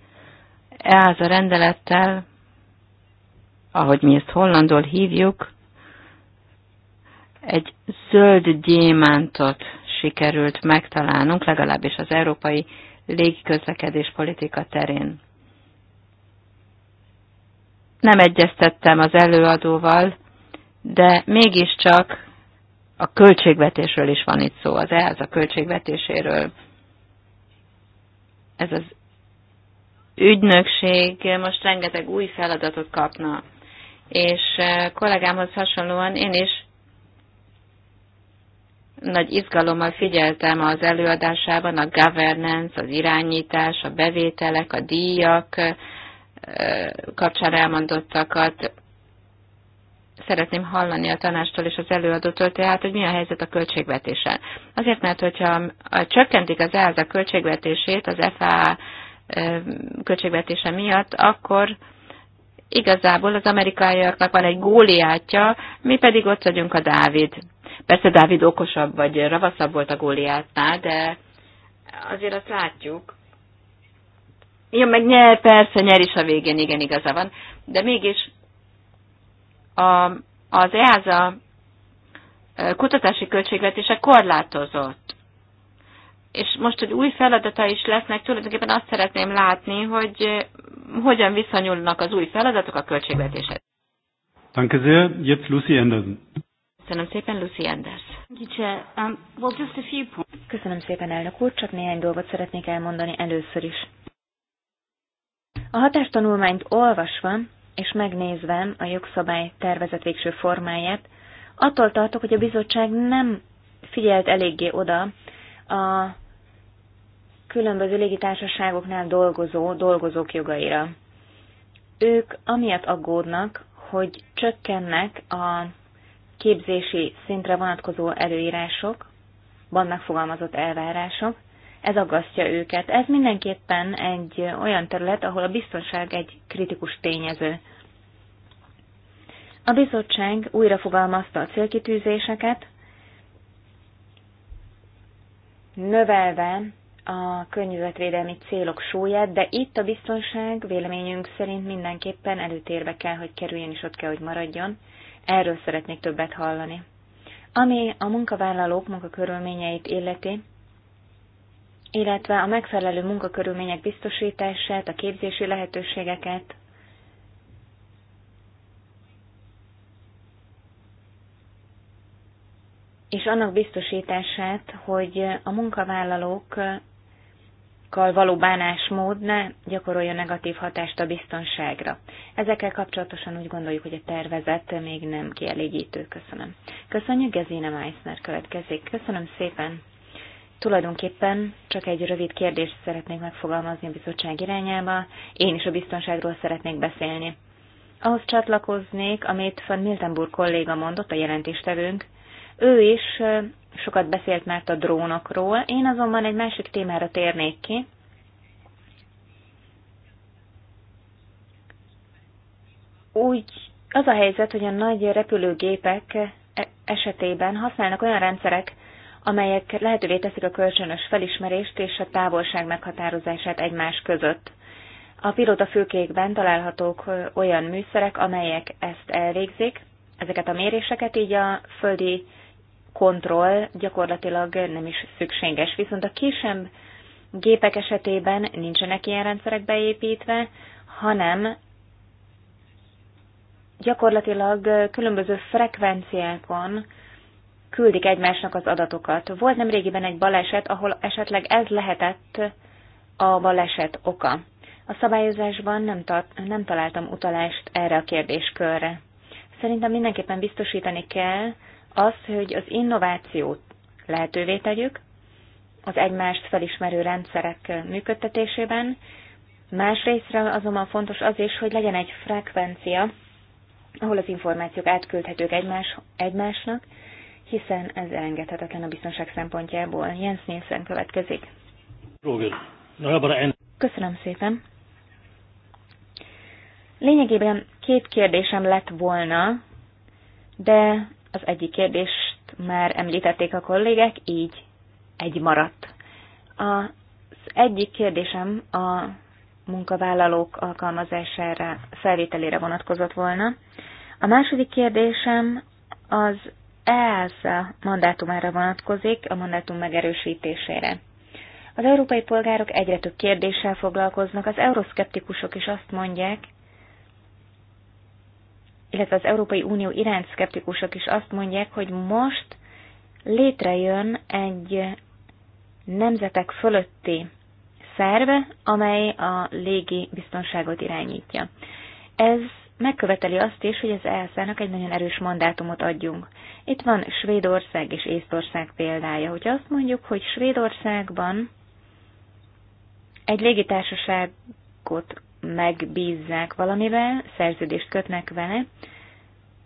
A: EASA rendelettel, ahogy mi ezt hollandol hívjuk, egy zöld gyémántot sikerült megtalálnunk, legalábbis az európai légiközlekedés politika terén. Nem egyeztettem az előadóval, de mégiscsak a költségvetésről is van itt szó, az ehhez a költségvetéséről. Ez az ügynökség most rengeteg új feladatot kapna, és eh, kollégámhoz hasonlóan én is nagy izgalommal figyeltem az előadásában a governance, az irányítás, a bevételek, a díjak kapcsán elmondottakat. Szeretném hallani a tanástól és az előadótól, tehát, hogy mi a helyzet a költségvetéssel. Azért, mert hogyha csökkentik az a költségvetését az FA költségvetése miatt, akkor igazából az amerikaiaknak van egy góliátja, mi pedig ott vagyunk a Dávid Persze Dávid okosabb vagy ravaszabb volt a Góliátnál, de azért azt látjuk. Ja, meg nyer, persze, nyer is a végén, igen, igaza van. De mégis a, az EASA kutatási költségvetése korlátozott. És most, hogy új feladata is lesznek, tulajdonképpen azt szeretném látni, hogy hogyan viszonyulnak az új feladatok a költségvetéshez. Danke sehr. Jetzt Lucy Anderson.
C: Köszönöm szépen, Lucy Anders. Um, Köszönöm szépen, elnök úr, csak néhány dolgot szeretnék elmondani először is. A hatástanulmányt olvasva és megnézve a jogszabály tervezet végső formáját, attól tartok, hogy a bizottság nem figyelt eléggé oda a különböző légitársaságoknál dolgozó dolgozók jogaira. Ők amiatt aggódnak, hogy csökkennek a képzési szintre vonatkozó előírások, van megfogalmazott elvárások, ez aggasztja őket. Ez mindenképpen egy olyan terület, ahol a biztonság egy kritikus tényező. A bizottság újra fogalmazta a célkitűzéseket, növelve a környezetvédelmi célok súlyát, de itt a biztonság véleményünk szerint mindenképpen előtérbe kell, hogy kerüljön, és ott kell, hogy maradjon. Erről szeretnék többet hallani. Ami a munkavállalók munkakörülményeit illeti, illetve a megfelelő munkakörülmények biztosítását, a képzési lehetőségeket, és annak biztosítását, hogy a munkavállalók állampolgárokkal való bánásmód ne gyakorolja negatív hatást a biztonságra. Ezekkel kapcsolatosan úgy gondoljuk, hogy a tervezet még nem kielégítő. Köszönöm. Köszönjük, Gezine Meissner következik. Köszönöm szépen. Tulajdonképpen csak egy rövid kérdést szeretnék megfogalmazni a bizottság irányába. Én is a biztonságról szeretnék beszélni. Ahhoz csatlakoznék, amit Van Miltenburg kolléga mondott, a jelentéstevőnk. Ő is sokat beszélt már a drónokról, én azonban egy másik témára térnék ki. Úgy az a helyzet, hogy a nagy repülőgépek e- esetében használnak olyan rendszerek, amelyek lehetővé teszik a kölcsönös felismerést és a távolság meghatározását egymás között. A pilóta fülkékben találhatók olyan műszerek, amelyek ezt elvégzik, ezeket a méréseket így a földi kontroll gyakorlatilag nem is szükséges. Viszont a kisebb gépek esetében nincsenek ilyen rendszerek beépítve, hanem gyakorlatilag különböző frekvenciákon küldik egymásnak az adatokat. Volt nem régiben egy baleset, ahol esetleg ez lehetett a baleset oka. A szabályozásban nem, ta- nem találtam utalást erre a kérdéskörre. Szerintem mindenképpen biztosítani kell, az, hogy az innovációt lehetővé tegyük az egymást felismerő rendszerek működtetésében, másrésztről azonban fontos az is, hogy legyen egy frekvencia, ahol az információk átküldhetők egymás, egymásnak, hiszen ez elengedhetetlen a biztonság szempontjából. Jens Nielsen következik. Köszönöm szépen. Lényegében két kérdésem lett volna, de az egyik kérdést már említették a kollégek, így egy maradt. Az egyik kérdésem a munkavállalók alkalmazására, felvételére vonatkozott volna. A második kérdésem az EASA mandátumára vonatkozik, a mandátum megerősítésére. Az európai polgárok egyre több kérdéssel foglalkoznak, az euroszkeptikusok is azt mondják, illetve az Európai Unió iránt szkeptikusok is azt mondják, hogy most létrejön egy nemzetek fölötti szerve, amely a légi biztonságot irányítja. Ez megköveteli azt is, hogy az esz nak egy nagyon erős mandátumot adjunk. Itt van Svédország és Észtország példája. Hogyha azt mondjuk, hogy Svédországban egy légitársaságot megbízzák valamivel, szerződést kötnek vele,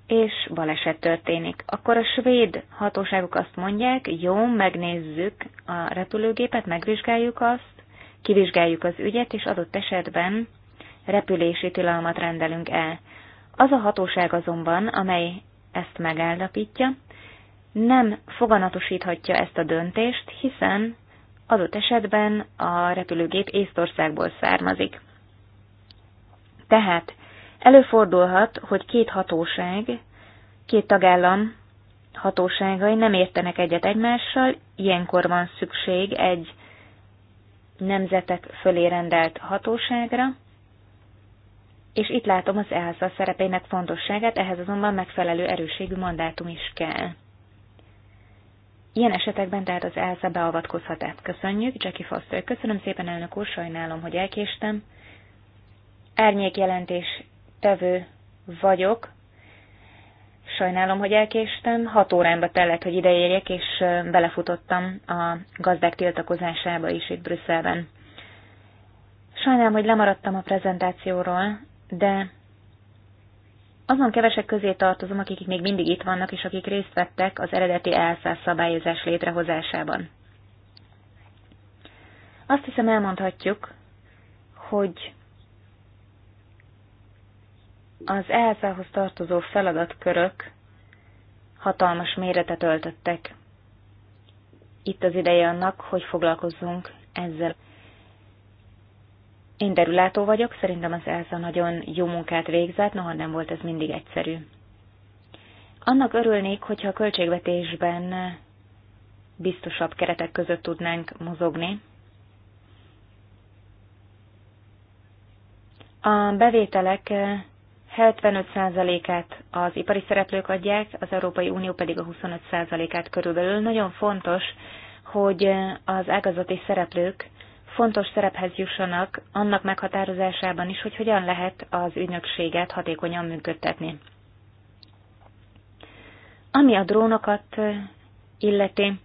C: és baleset történik. Akkor a svéd hatóságok azt mondják, jó, megnézzük a repülőgépet, megvizsgáljuk azt, kivizsgáljuk az ügyet, és adott esetben repülési tilalmat rendelünk el. Az a hatóság azonban, amely ezt megállapítja, nem foganatosíthatja ezt a döntést, hiszen adott esetben a repülőgép Észtországból származik. Tehát előfordulhat, hogy két hatóság, két tagállam hatóságai nem értenek egyet egymással, ilyenkor van szükség egy nemzetek fölé rendelt hatóságra, és itt látom az EASA szerepének fontosságát, ehhez azonban megfelelő erőségű mandátum is kell. Ilyen esetekben tehát az ELSZA beavatkozhat át. Köszönjük, Jackie Foster. Köszönöm szépen, elnök úr, sajnálom, hogy elkéstem árnyékjelentés tevő vagyok. Sajnálom, hogy elkéstem. Hat órámba tellett, hogy ideérjek, és belefutottam a gazdák tiltakozásába is itt Brüsszelben. Sajnálom, hogy lemaradtam a prezentációról, de azon kevesek közé tartozom, akik még mindig itt vannak, és akik részt vettek az eredeti elszáz szabályozás létrehozásában. Azt hiszem elmondhatjuk, hogy az ELSA-hoz tartozó feladatkörök hatalmas méretet öltöttek. Itt az ideje annak, hogy foglalkozzunk ezzel. Én derülátó vagyok, szerintem az ELSA nagyon jó munkát végzett, noha nem volt ez mindig egyszerű. Annak örülnék, hogyha a költségvetésben biztosabb keretek között tudnánk mozogni. A bevételek 75%-át az ipari szereplők adják, az Európai Unió pedig a 25%-át körülbelül. Nagyon fontos, hogy az ágazati szereplők fontos szerephez jussanak annak meghatározásában is, hogy hogyan lehet az ügynökséget hatékonyan működtetni. Ami a drónokat illeti,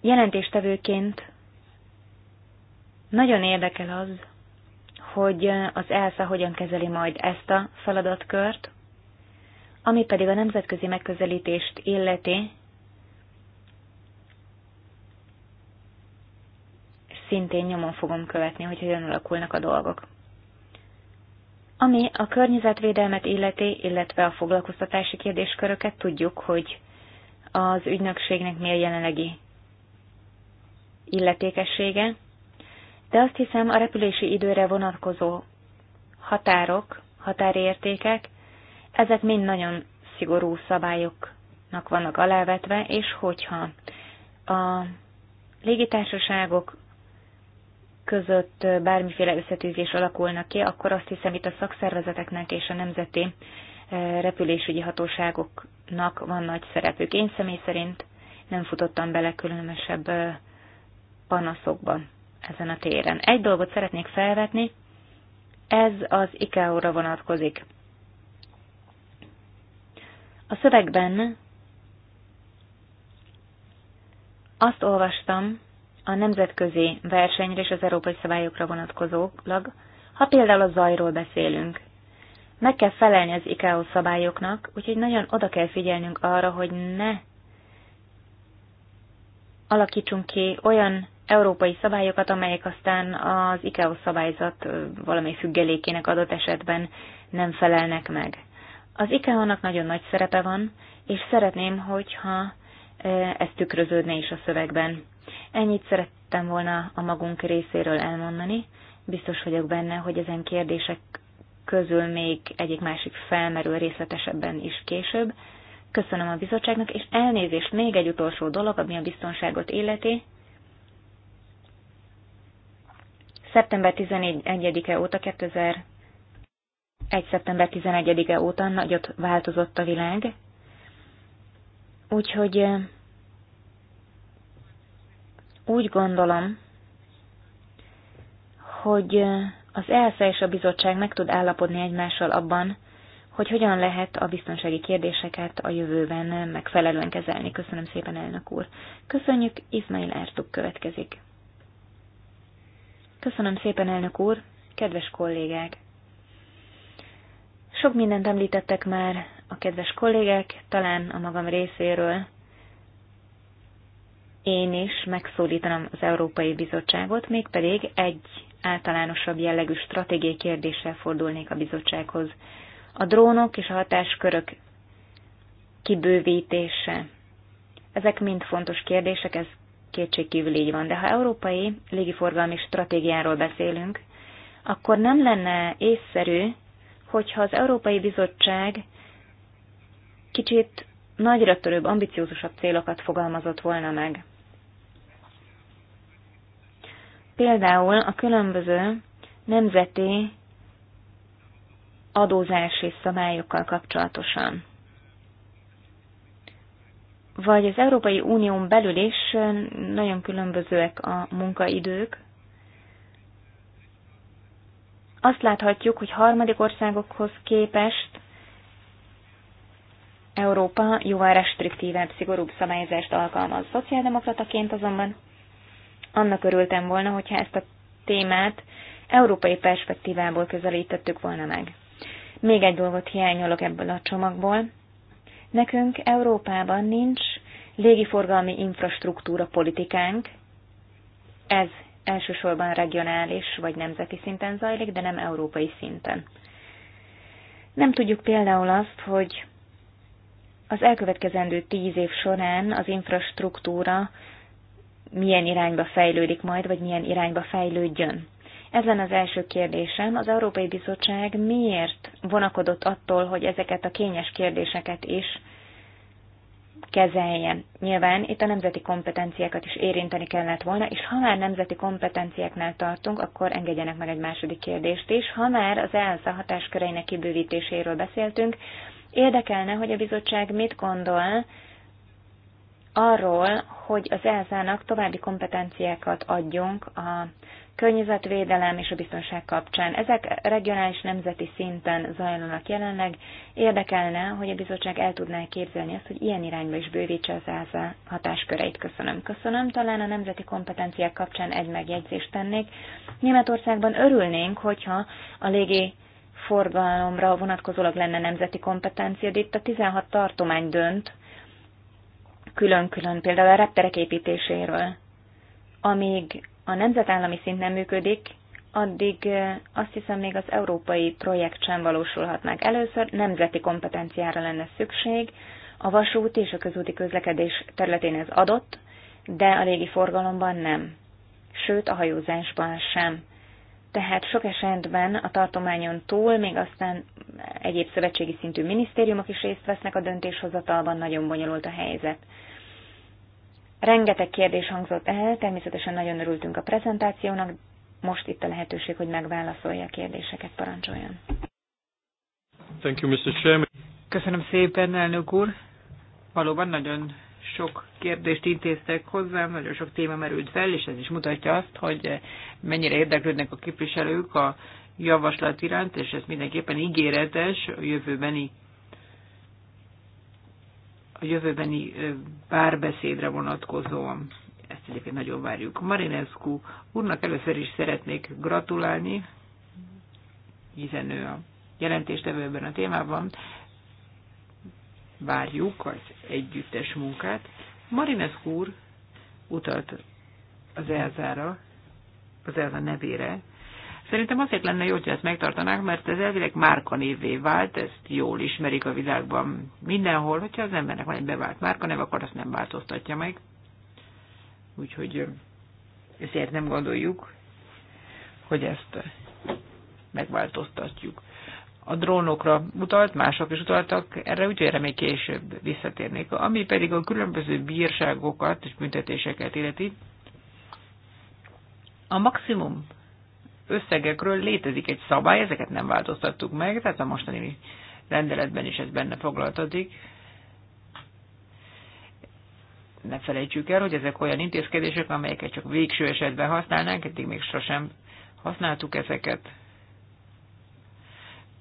C: jelentéstevőként nagyon érdekel az, hogy az ELSA hogyan kezeli majd ezt a feladatkört, ami pedig a nemzetközi megközelítést illeti, szintén nyomon fogom követni, hogy hogyan alakulnak a dolgok. Ami a környezetvédelmet illeti, illetve a foglalkoztatási kérdésköröket tudjuk, hogy az ügynökségnek mi a jelenlegi illetékessége de azt hiszem a repülési időre vonatkozó határok, határértékek, ezek mind nagyon szigorú szabályoknak vannak alávetve, és hogyha a légitársaságok között bármiféle összetűzés alakulnak ki, akkor azt hiszem itt a szakszervezeteknek és a nemzeti eh, repülésügyi hatóságoknak van nagy szerepük. Én személy szerint nem futottam bele különösebb eh, panaszokban ezen a téren. Egy dolgot szeretnék felvetni, ez az ICAO-ra vonatkozik. A szövegben azt olvastam a nemzetközi versenyre és az európai szabályokra vonatkozólag, ha például a zajról beszélünk. Meg kell felelni az ICAO szabályoknak, úgyhogy nagyon oda kell figyelnünk arra, hogy ne alakítsunk ki olyan európai szabályokat, amelyek aztán az ICAO szabályzat valami függelékének adott esetben nem felelnek meg. Az ICAO-nak nagyon nagy szerepe van, és szeretném, hogyha ez tükröződne is a szövegben. Ennyit szerettem volna a magunk részéről elmondani. Biztos vagyok benne, hogy ezen kérdések közül még egyik-másik felmerül részletesebben is később. Köszönöm a bizottságnak, és elnézést még egy utolsó dolog, ami a biztonságot illeti. Szeptember 11-e óta, 2001. szeptember 11-e óta nagyot változott a világ, úgyhogy úgy gondolom, hogy az ELSZA és a bizottság meg tud állapodni egymással abban, hogy hogyan lehet a biztonsági kérdéseket a jövőben megfelelően kezelni. Köszönöm szépen, elnök úr. Köszönjük, Izmail Ertuk következik. Köszönöm szépen, elnök úr, kedves kollégák! Sok mindent említettek már a kedves kollégák, talán a magam részéről én is megszólítanám az Európai Bizottságot, mégpedig egy általánosabb jellegű stratégiai kérdéssel fordulnék a bizottsághoz. A drónok és a hatáskörök kibővítése. Ezek mind fontos kérdések, ez kétségkívül így van, de ha európai légiforgalmi stratégiáról beszélünk, akkor nem lenne észszerű, hogyha az Európai Bizottság kicsit nagyra törőbb, ambiciózusabb célokat fogalmazott volna meg. Például a különböző nemzeti adózási szabályokkal kapcsolatosan vagy az Európai Unión belül is nagyon különbözőek a munkaidők. Azt láthatjuk, hogy harmadik országokhoz képest Európa jóval restriktívebb, szigorúbb szabályozást alkalmaz. Szociáldemokrataként azonban annak örültem volna, hogyha ezt a témát európai perspektívából közelítettük volna meg. Még egy dolgot hiányolok ebből a csomagból, Nekünk Európában nincs légiforgalmi infrastruktúra politikánk, ez elsősorban regionális vagy nemzeti szinten zajlik, de nem európai szinten. Nem tudjuk például azt, hogy az elkövetkezendő tíz év során az infrastruktúra milyen irányba fejlődik majd, vagy milyen irányba fejlődjön. Ez lenne az első kérdésem. Az Európai Bizottság miért vonakodott attól, hogy ezeket a kényes kérdéseket is kezeljen? Nyilván itt a nemzeti kompetenciákat is érinteni kellett volna, és ha már nemzeti kompetenciáknál tartunk, akkor engedjenek meg egy második kérdést is. Ha már az ELSA hatásköreinek kibővítéséről beszéltünk, érdekelne, hogy a bizottság mit gondol arról, hogy az ELSA-nak további kompetenciákat adjunk a környezetvédelem és a biztonság kapcsán. Ezek regionális nemzeti szinten zajlanak jelenleg. Érdekelne, hogy a bizottság el tudná képzelni azt, hogy ilyen irányba is bővítse az ÁZA hatásköreit. Köszönöm. Köszönöm. Talán a nemzeti kompetenciák kapcsán egy megjegyzést tennék. Németországban örülnénk, hogyha a légi forgalomra vonatkozólag lenne nemzeti kompetencia, de itt a 16 tartomány dönt külön-külön, például a repterek építéséről. Amíg a nemzetállami szint nem működik, addig azt hiszem még az európai projekt sem valósulhat meg. Először nemzeti kompetenciára lenne szükség, a vasút és a közúti közlekedés területén ez adott, de a légi forgalomban nem. Sőt, a hajózásban sem. Tehát sok esetben a tartományon túl még aztán egyéb szövetségi szintű minisztériumok is részt vesznek a döntéshozatalban, nagyon bonyolult a helyzet. Rengeteg kérdés hangzott el, természetesen nagyon örültünk a prezentációnak, most itt a lehetőség, hogy
B: megválaszolja a kérdéseket, parancsoljon. Thank you, Mr. Chairman. Köszönöm szépen, elnök úr. Valóban nagyon sok kérdést intéztek hozzám, nagyon sok téma merült fel, és ez is mutatja azt, hogy mennyire érdeklődnek a képviselők a javaslat iránt, és ez mindenképpen ígéretes a jövőbeni a jövőbeni párbeszédre vonatkozóan. Ezt egyébként nagyon várjuk. Marinescu úrnak először is szeretnék gratulálni, hiszen ő a jelentéstevő ebben a témában. Várjuk az együttes munkát. Marinescu úr utalt az elzára, az elza nevére, Szerintem azért lenne jó, hogy ezt megtartanák, mert ez elvileg márkanévvé vált, ezt jól ismerik a világban mindenhol, hogyha az embernek van egy bevált márkanév, akkor azt nem változtatja meg. Úgyhogy ezért nem gondoljuk, hogy ezt megváltoztatjuk. A drónokra utalt, mások is utaltak erre, úgyhogy erre még később visszatérnék. Ami pedig a különböző bírságokat és büntetéseket illeti, a maximum összegekről létezik egy szabály, ezeket nem változtattuk meg, tehát a mostani rendeletben is ez benne foglaltatik. Ne felejtsük el, hogy ezek olyan intézkedések, amelyeket csak végső esetben használnánk, eddig még sosem használtuk ezeket.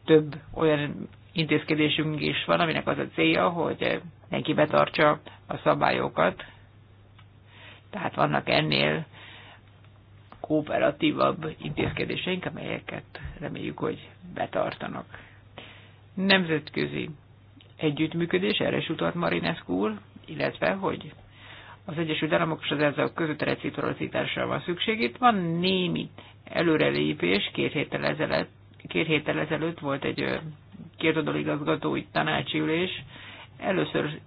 B: Több olyan intézkedésünk is van, aminek az a célja, hogy neki betartsa a szabályokat. Tehát vannak ennél kooperatívabb intézkedéseink, amelyeket reméljük, hogy betartanak. Nemzetközi együttműködés, erre is utalt Marinescu úr, illetve, hogy az Egyesült Államok és az ezzel között reciprocitásra van szükség. Itt van némi előrelépés, két héttel ezelőtt, két héttel ezelőtt volt egy kétoldalú igazgatói tanácsi ülés. Először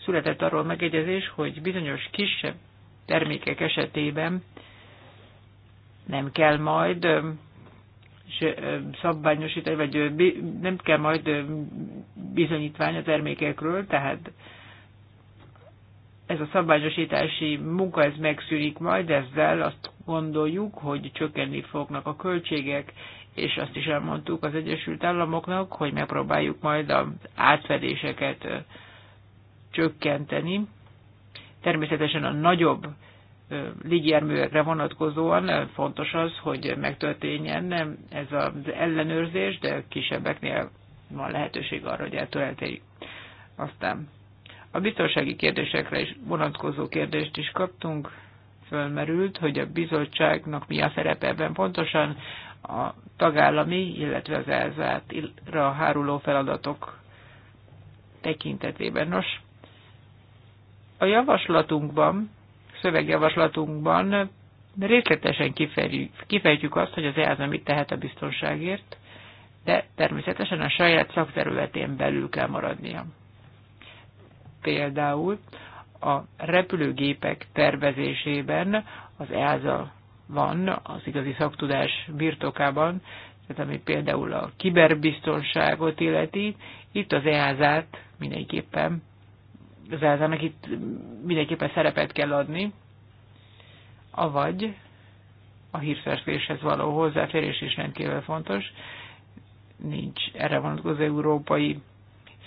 B: született arról megegyezés, hogy bizonyos kisebb termékek esetében nem kell majd szabványosítani, vagy nem kell majd bizonyítvány a termékekről, tehát ez a szabványosítási munka, ez megszűnik majd, ezzel azt gondoljuk, hogy csökkenni fognak a költségek, és azt is elmondtuk az Egyesült Államoknak, hogy megpróbáljuk majd az átfedéseket csökkenteni. Természetesen a nagyobb légierműekre vonatkozóan fontos az, hogy megtörténjen ez az ellenőrzés, de kisebbeknél van lehetőség arra, hogy eltöltjük. Aztán a biztonsági kérdésekre is vonatkozó kérdést is kaptunk, fölmerült, hogy a bizottságnak mi a szerepe ebben pontosan a tagállami, illetve az elzártra háruló feladatok tekintetében. Nos, a javaslatunkban szövegjavaslatunkban részletesen kifejtjük, kifejtjük azt, hogy az EASA mit tehet a biztonságért, de természetesen a saját szakterületén belül kell maradnia. Például a repülőgépek tervezésében az EASA van az igazi szaktudás birtokában, tehát ami például a kiberbiztonságot illeti, itt az EASA-t mindenképpen Zelzának itt mindenképpen szerepet kell adni, avagy a hírszerzéshez való hozzáférés is rendkívül fontos. Nincs erre vonatkozó európai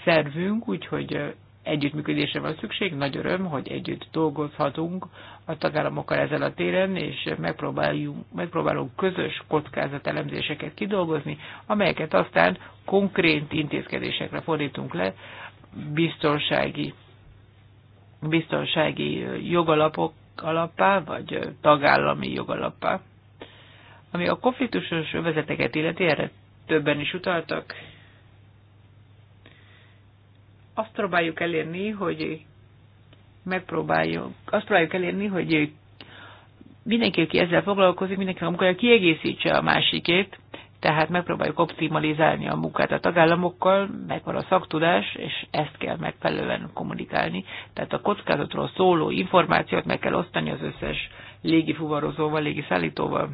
B: szervünk, úgyhogy együttműködésre van szükség. Nagy öröm, hogy együtt dolgozhatunk a tagállamokkal ezen a téren, és megpróbáljuk, megpróbálunk közös kockázatelemzéseket kidolgozni, amelyeket aztán konkrét intézkedésekre fordítunk le, biztonsági biztonsági jogalapok alapá, vagy tagállami jogalapá. Ami a konfliktusos övezeteket illeti, erre többen is utaltak, azt próbáljuk elérni, hogy megpróbáljuk, azt próbáljuk elérni, hogy mindenki, aki ezzel foglalkozik, mindenki a munkája kiegészítse a másikét, tehát megpróbáljuk optimalizálni a munkát a tagállamokkal, megvan a szaktudás, és ezt kell megfelelően kommunikálni. Tehát a kockázatról szóló információt meg kell osztani az összes légifuvarozóval, légiszállítóval.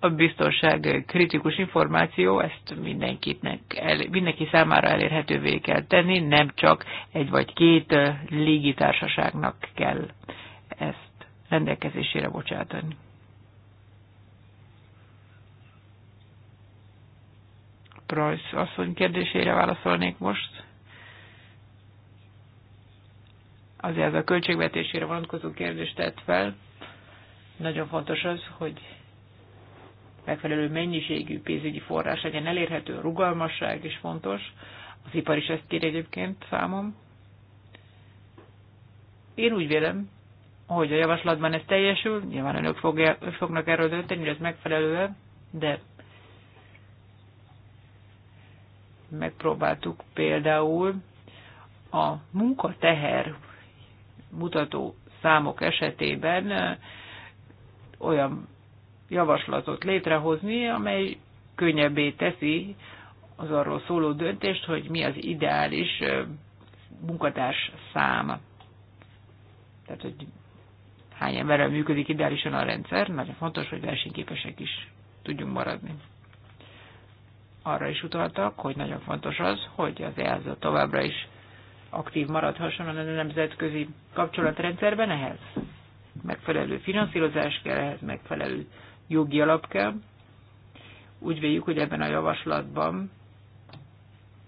B: A biztonság kritikus információ, ezt mindenkinek, el, mindenki számára elérhetővé kell tenni, nem csak egy vagy két légitársaságnak kell ezt rendelkezésére bocsátani. Price asszony kérdésére válaszolnék most. Azért ez a költségvetésére vonatkozó kérdést tett fel. Nagyon fontos az, hogy megfelelő mennyiségű pénzügyi forrás legyen elérhető, rugalmasság is fontos. Az ipar is ezt kér egyébként számom. Én úgy vélem, hogy a javaslatban ez teljesül, nyilván önök fogja, fognak erről dönteni, hogy ez megfelelő de megpróbáltuk például a munkateher mutató számok esetében olyan javaslatot létrehozni, amely könnyebbé teszi az arról szóló döntést, hogy mi az ideális munkatárs száma. Tehát, hogy hány emberrel működik ideálisan a rendszer, nagyon fontos, hogy versenyképesek is tudjunk maradni arra is utaltak, hogy nagyon fontos az, hogy az EASA továbbra is aktív maradhasson a nemzetközi kapcsolatrendszerben, ehhez megfelelő finanszírozás kell, ehhez megfelelő jogi alap kell. Úgy véljük, hogy ebben a javaslatban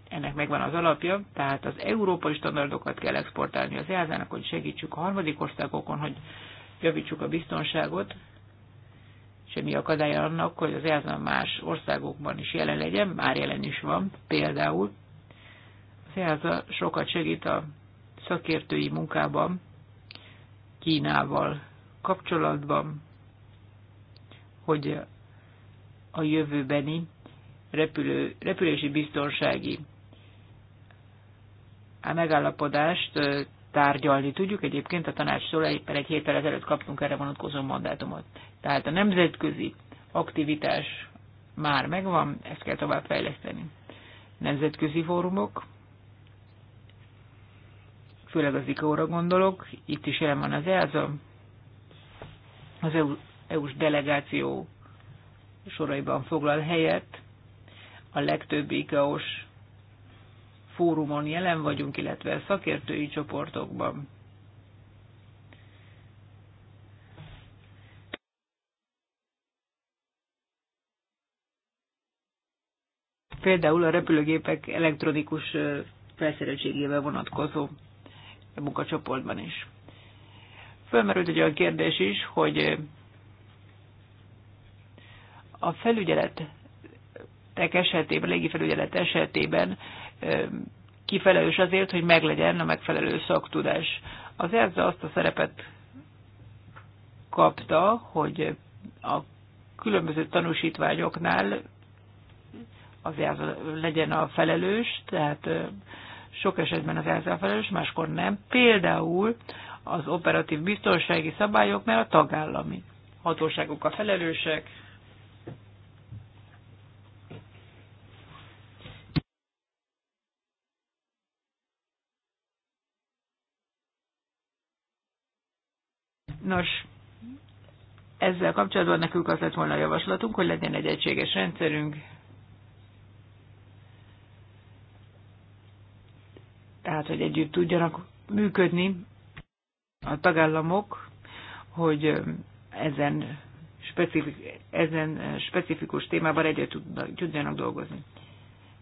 B: ennek megvan az alapja, tehát az európai standardokat kell exportálni az EASA-nak, hogy segítsük a harmadik országokon, hogy javítsuk a biztonságot, semmi akadály annak, hogy az ELTA más országokban is jelen legyen, már jelen is van, például. Az ELTA sokat segít a szakértői munkában, Kínával kapcsolatban, hogy a jövőbeni repülő, repülési biztonsági a megállapodást tárgyalni tudjuk. Egyébként a tanácstól éppen egy héttel ezelőtt kaptunk erre vonatkozó mandátumot. Tehát a nemzetközi aktivitás már megvan, ezt kell tovább fejleszteni. Nemzetközi fórumok, főleg az ico ra gondolok, itt is el van az EASA, az EU, s delegáció soraiban foglal helyet, a legtöbb ico s fórumon jelen vagyunk, illetve szakértői csoportokban. Például a repülőgépek elektronikus felszereltségével vonatkozó munkacsoportban is. Fölmerült egy olyan kérdés is, hogy a felügyeletek esetében, légi felügyelet esetében kifelelős azért, hogy meglegyen a megfelelő szaktudás. Az ERZA azt a szerepet kapta, hogy a különböző tanúsítványoknál az ERZA legyen a felelős, tehát sok esetben az ERZA felelős, máskor nem. Például az operatív biztonsági szabályok mert a tagállami hatóságok a felelősek, Nos, ezzel kapcsolatban nekünk az lett volna a javaslatunk, hogy legyen egy egységes rendszerünk. Tehát, hogy együtt tudjanak működni a tagállamok, hogy ezen, specifik, ezen specifikus témában együtt tudjanak dolgozni.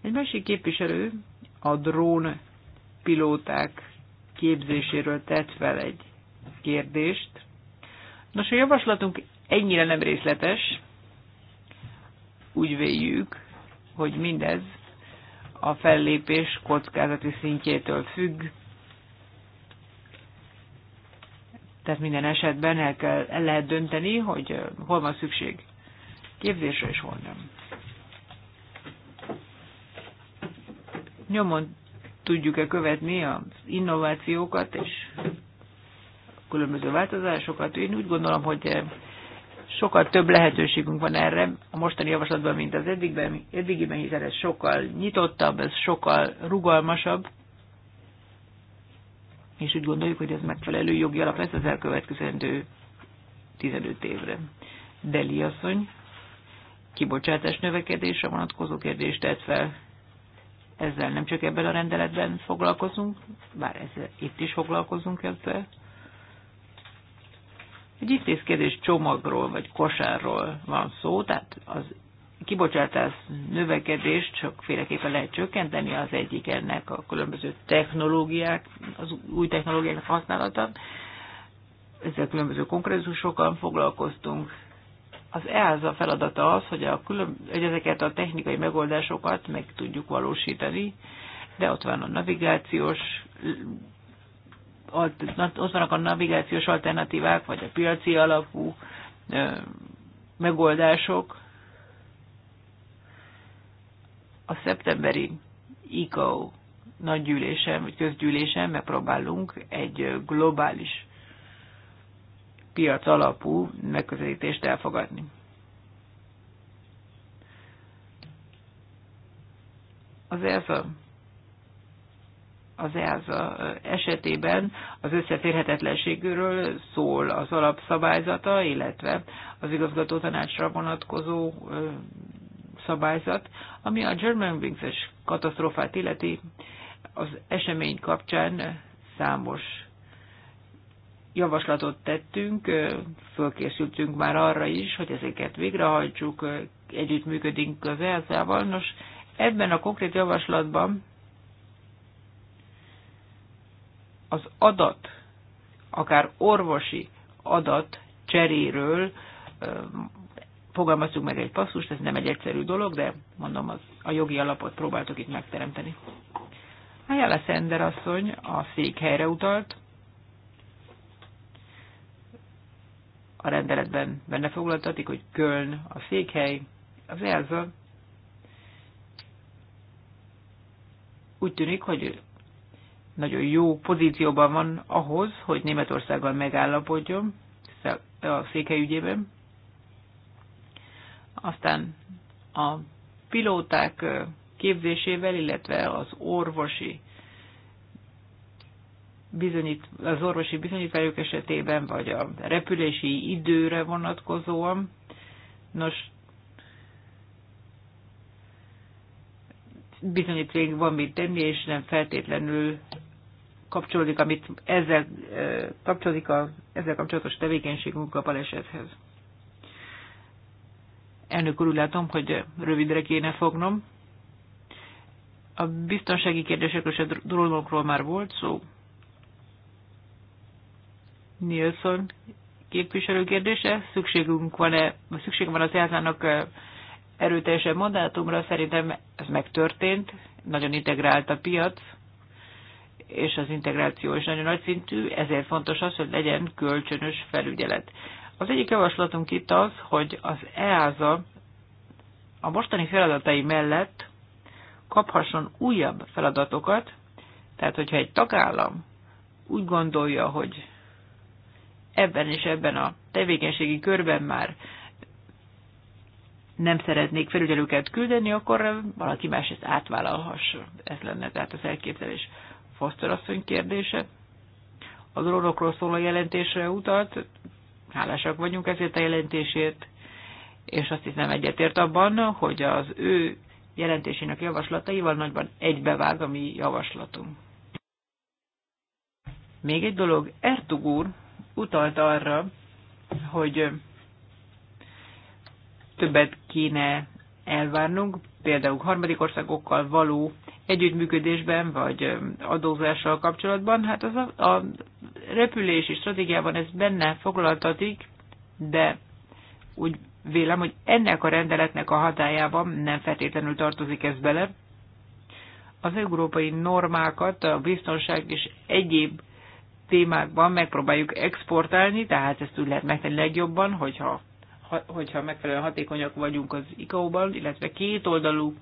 B: Egy másik képviselő a drón pilóták képzéséről tett fel egy kérdést. Nos, a javaslatunk ennyire nem részletes. Úgy véljük, hogy mindez a fellépés kockázati szintjétől függ. Tehát minden esetben el, kell, el lehet dönteni, hogy hol van szükség képzésre és hol nem. Nyomon tudjuk-e követni az innovációkat és különböző változásokat. Én úgy gondolom, hogy eh, sokkal több lehetőségünk van erre a mostani javaslatban, mint az eddigben, eddigiben, hiszen ez sokkal nyitottabb, ez sokkal rugalmasabb, és úgy gondoljuk, hogy ez megfelelő jogi alap lesz az elkövetkezendő 15 évre. Deli asszony, kibocsátás növekedésre vonatkozó kérdést tett fel. Ezzel nem csak ebben a rendeletben foglalkozunk, bár ezzel itt is foglalkozunk ezzel, egy intézkedés csomagról vagy kosárról van szó, tehát az kibocsátás növekedést sokféleképpen lehet csökkenteni, az egyik ennek a különböző technológiák, az új technológiák használata. Ezzel különböző konkrétusokkal foglalkoztunk. Az EASA feladata az, hogy, a külön, hogy ezeket a technikai megoldásokat meg tudjuk valósítani, de ott van a navigációs ott vannak a navigációs alternatívák, vagy a piaci alapú megoldások. A szeptemberi ICO nagygyűlésen, vagy közgyűlésen megpróbálunk egy globális piac alapú megközelítést elfogadni. Az ez az EASA esetében az összeférhetetlenségről szól az alapszabályzata, illetve az igazgató tanácsra vonatkozó szabályzat, ami a German Wings-es katasztrófát illeti az esemény kapcsán számos javaslatot tettünk, fölkészültünk már arra is, hogy ezeket végrehajtsuk, együttműködünk az elsz Nos, ebben a konkrét javaslatban az adat, akár orvosi adat cseréről fogalmazzuk meg egy passzust, ez nem egy egyszerű dolog, de mondom, az, a jogi alapot próbáltuk itt megteremteni. Ayala Szender asszony a székhelyre utalt, a rendeletben benne foglaltatik, hogy Köln a székhely, az Elza. úgy tűnik, hogy nagyon jó pozícióban van ahhoz, hogy Németországgal megállapodjon a székelyügyében. Aztán a pilóták képzésével, illetve az orvosi bizonyít, az orvosi bizonyítványok esetében, vagy a repülési időre vonatkozóan. Nos, bizonyítvég van mit tenni, és nem feltétlenül kapcsolódik, amit ezzel, kapcsolódik a, ezzel kapcsolatos tevékenységünk a balesethez. Elnök úr, látom, hogy rövidre kéne fognom. A biztonsági kérdésekről és a drónokról már volt szó. Nielsen képviselő kérdése, szükségünk van-e, szükség van az easa erőteljesebb mandátumra, szerintem ez megtörtént, nagyon integrált a piac, és az integráció is nagyon nagy szintű, ezért fontos az, hogy legyen kölcsönös felügyelet. Az egyik javaslatunk itt az, hogy az EASA a mostani feladatai mellett kaphasson újabb feladatokat, tehát hogyha egy tagállam úgy gondolja, hogy ebben és ebben a tevékenységi körben már nem szeretnék felügyelőket küldeni, akkor valaki más ezt átvállalhassa. Ez lenne tehát az elképzelés. Foster asszony kérdése. A drónokról szóló jelentésre utalt, hálásak vagyunk ezért a jelentésért, és azt hiszem egyetért abban, hogy az ő jelentésének javaslataival nagyban egybevág a mi javaslatunk. Még egy dolog, Ertug úr utalt arra, hogy többet kéne elvárnunk, például harmadik országokkal való együttműködésben vagy adózással kapcsolatban. Hát az a, a repülési stratégiában ez benne foglaltatik, de úgy vélem, hogy ennek a rendeletnek a hatájában nem feltétlenül tartozik ez bele. Az európai normákat a biztonság és egyéb témákban megpróbáljuk exportálni, tehát ezt úgy lehet megtenni legjobban, hogyha, hogyha megfelelően hatékonyak vagyunk az ICAO-ban, illetve kétoldalú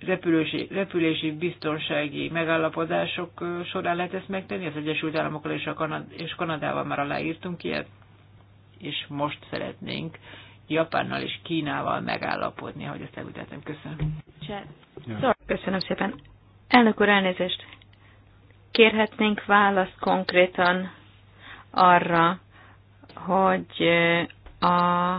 B: repülési, repülési biztonsági megállapodások során lehet ezt megtenni. Az Egyesült Államokkal és, a Kanad- és Kanadával már aláírtunk ilyet, és most szeretnénk Japánnal és Kínával megállapodni, ahogy ezt elültetem. Köszönöm. Szóval-
A: Köszönöm szépen. Elnök úr, elnézést. Kérhetnénk választ konkrétan arra, hogy a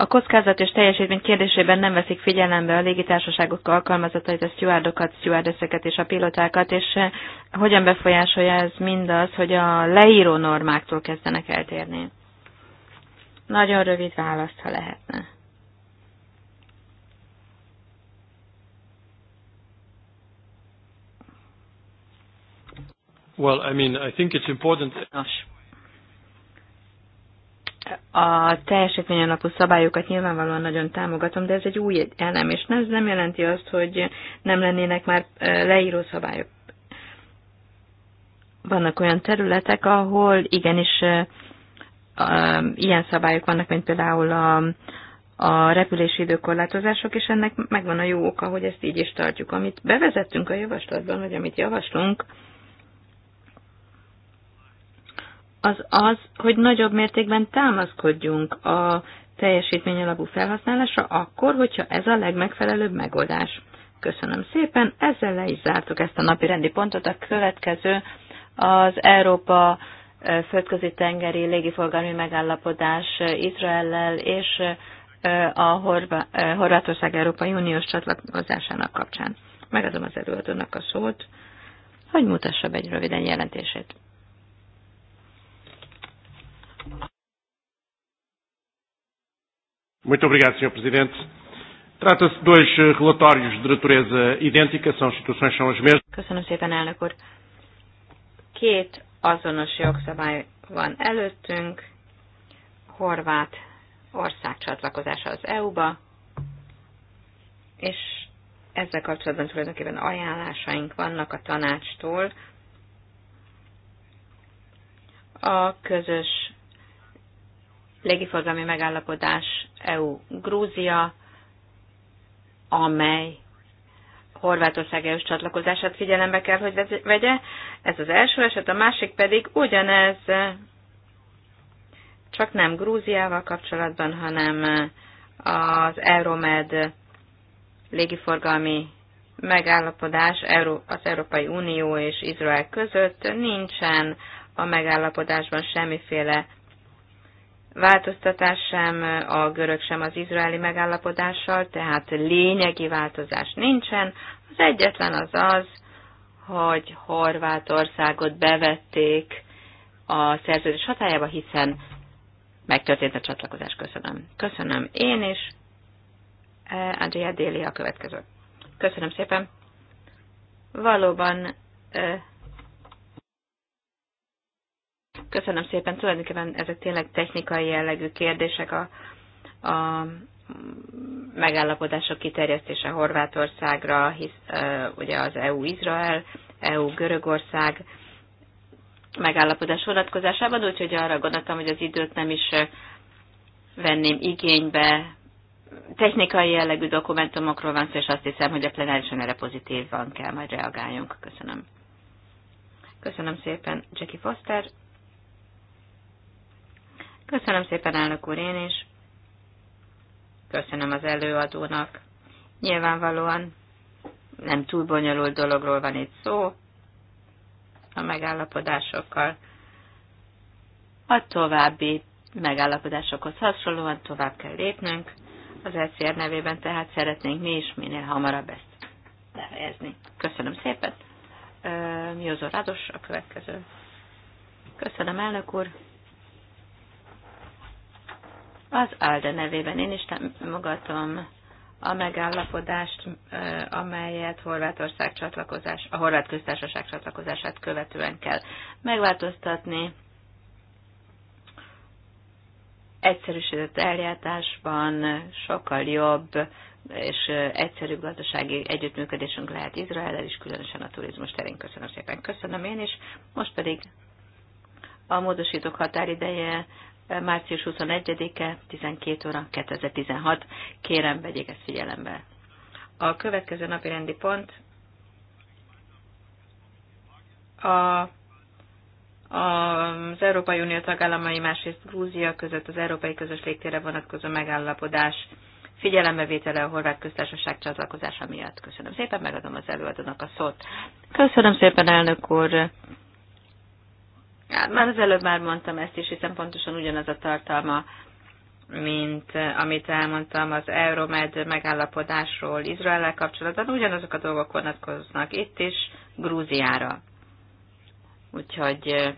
A: a kockázat és teljesítmény kérdésében nem veszik figyelembe a légitársaságok alkalmazatait, a stewárdokat, stewardesseket és a pilotákat, és eh, hogyan befolyásolja ez mindaz, hogy a leíró normáktól kezdenek eltérni? Nagyon rövid választ, ha lehetne.
C: Well, I mean, I think it's important. Nos,
A: a teljesítmény alapú szabályokat nyilvánvalóan nagyon támogatom, de ez egy új elem, és ez nem jelenti azt, hogy nem lennének már leíró szabályok. Vannak olyan területek, ahol igenis ilyen szabályok vannak, mint például a, a repülési időkorlátozások, és ennek megvan a jó oka, hogy ezt így is tartjuk. Amit bevezettünk a javaslatban, vagy amit javaslunk, az az, hogy nagyobb mértékben támaszkodjunk a teljesítmény alapú felhasználásra akkor, hogyha ez a legmegfelelőbb megoldás. Köszönöm szépen, ezzel le is zártuk ezt a napi rendi pontot. A következő az Európa földközi tengeri légiforgalmi megállapodás Izraellel és a Horvátország Európai Uniós csatlakozásának kapcsán. Megadom az előadónak a szót, hogy mutassa be egy röviden jelentését.
C: Muito obrigado, Sr. Presidente. Trata-se de dois eh, relatórios de natureza idêntica, são situações são as mesmas.
A: Köszönöm szépen, elnök úr. Két azonos jogszabály van előttünk, horvát ország csatlakozása az EU-ba, és ezzel kapcsolatban tulajdonképpen ajánlásaink vannak a tanácstól a közös légiforgalmi megállapodás EU-Grúzia, amely Horvátország EU-s csatlakozását figyelembe kell, hogy vegye. Ez az első eset, a másik pedig ugyanez, csak nem Grúziával kapcsolatban, hanem az Euromed légiforgalmi megállapodás az Európai Unió és Izrael között nincsen a megállapodásban semmiféle változtatás sem, a görög sem az izraeli megállapodással, tehát lényegi változás nincsen. Az egyetlen az az, hogy Horvátországot bevették a szerződés hatájába, hiszen megtörtént a csatlakozás. Köszönöm. Köszönöm én is. E, Andrea Déli a következő. Köszönöm szépen. Valóban e, Köszönöm szépen. Tulajdonképpen ezek tényleg technikai jellegű kérdések a, a megállapodások kiterjesztése Horvátországra, hisz ugye az EU-Izrael, EU-Görögország megállapodás vonatkozásában, úgyhogy arra gondoltam, hogy az időt nem is venném igénybe. Technikai jellegű dokumentumokról van szó, és azt hiszem, hogy a plenárison erre pozitívan kell majd reagáljunk. Köszönöm. Köszönöm szépen, Jackie Foster. Köszönöm szépen, elnök úr, én is. Köszönöm az előadónak. Nyilvánvalóan nem túl bonyolult dologról van itt szó, a megállapodásokkal. A további megállapodásokhoz hasonlóan tovább kell lépnünk. Az ECR nevében tehát szeretnénk mi is minél hamarabb ezt befejezni. Köszönöm szépen. Józó Rados a következő. Köszönöm, elnök úr. Az ALDE nevében én is támogatom a megállapodást, amelyet Horvátország csatlakozás, a Horvát köztársaság csatlakozását követően kell megváltoztatni. Egyszerűsített eljátásban sokkal jobb és egyszerűbb gazdasági együttműködésünk lehet Izraellel is, különösen a turizmus terén. Köszönöm szépen. Köszönöm én is. Most pedig a módosítók határideje március 21-e, 12 óra, 2016. Kérem, vegyék ezt figyelembe. A következő napi rendi pont a az Európai Unió tagállamai másrészt Grúzia között az Európai Közös Légtére vonatkozó megállapodás figyelembevétele a horvát köztársaság csatlakozása miatt. Köszönöm szépen, megadom az előadónak a szót. Köszönöm szépen, elnök úr. Hát már az előbb már mondtam ezt is, hiszen pontosan ugyanaz a tartalma, mint amit elmondtam az Euromed megállapodásról izrael kapcsolatban, ugyanazok a dolgok vonatkoznak itt is, Grúziára. Úgyhogy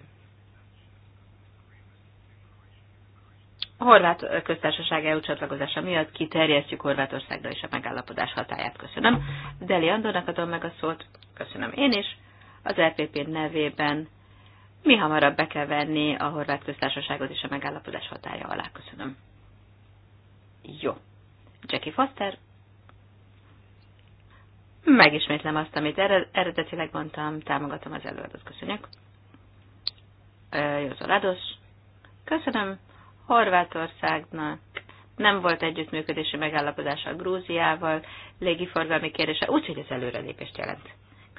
A: a horvát köztársaság EU csatlakozása miatt kiterjesztjük Horvátországra is a megállapodás hatáját. Köszönöm. Deli Andornak adom meg a szót. Köszönöm én is. Az RPP e nevében mi hamarabb be kell venni a horvát köztársaságot és a megállapodás hatája alá. Köszönöm. Jó. Jackie Foster. Megismétlem azt, amit eredetileg mondtam, támogatom az előadót, köszönjük. Józó Lados. Köszönöm. Horvátországnak nem volt együttműködési megállapodása a Grúziával, légiforgalmi kérdése, úgyhogy ez előrelépést jelent.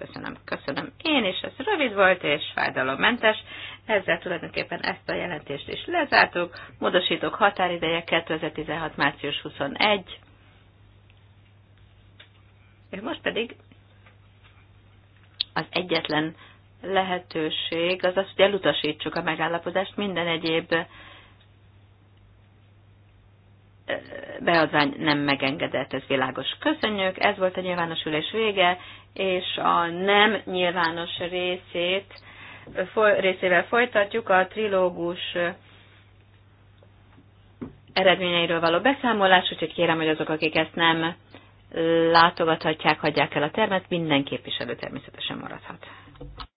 A: Köszönöm, köszönöm. Én is, ez rövid volt és fájdalommentes. Ezzel tulajdonképpen ezt a jelentést is lezártuk. Módosítók határideje 2016. március 21. És most pedig az egyetlen lehetőség az az, hogy elutasítsuk a megállapodást, minden egyéb beadvány nem megengedett, ez világos. Köszönjük, ez volt a nyilvános ülés vége, és a nem nyilvános részét, részével folytatjuk a trilógus eredményeiről való beszámolás, úgyhogy kérem, hogy azok, akik ezt nem látogathatják, hagyják el a termet, minden képviselő természetesen maradhat.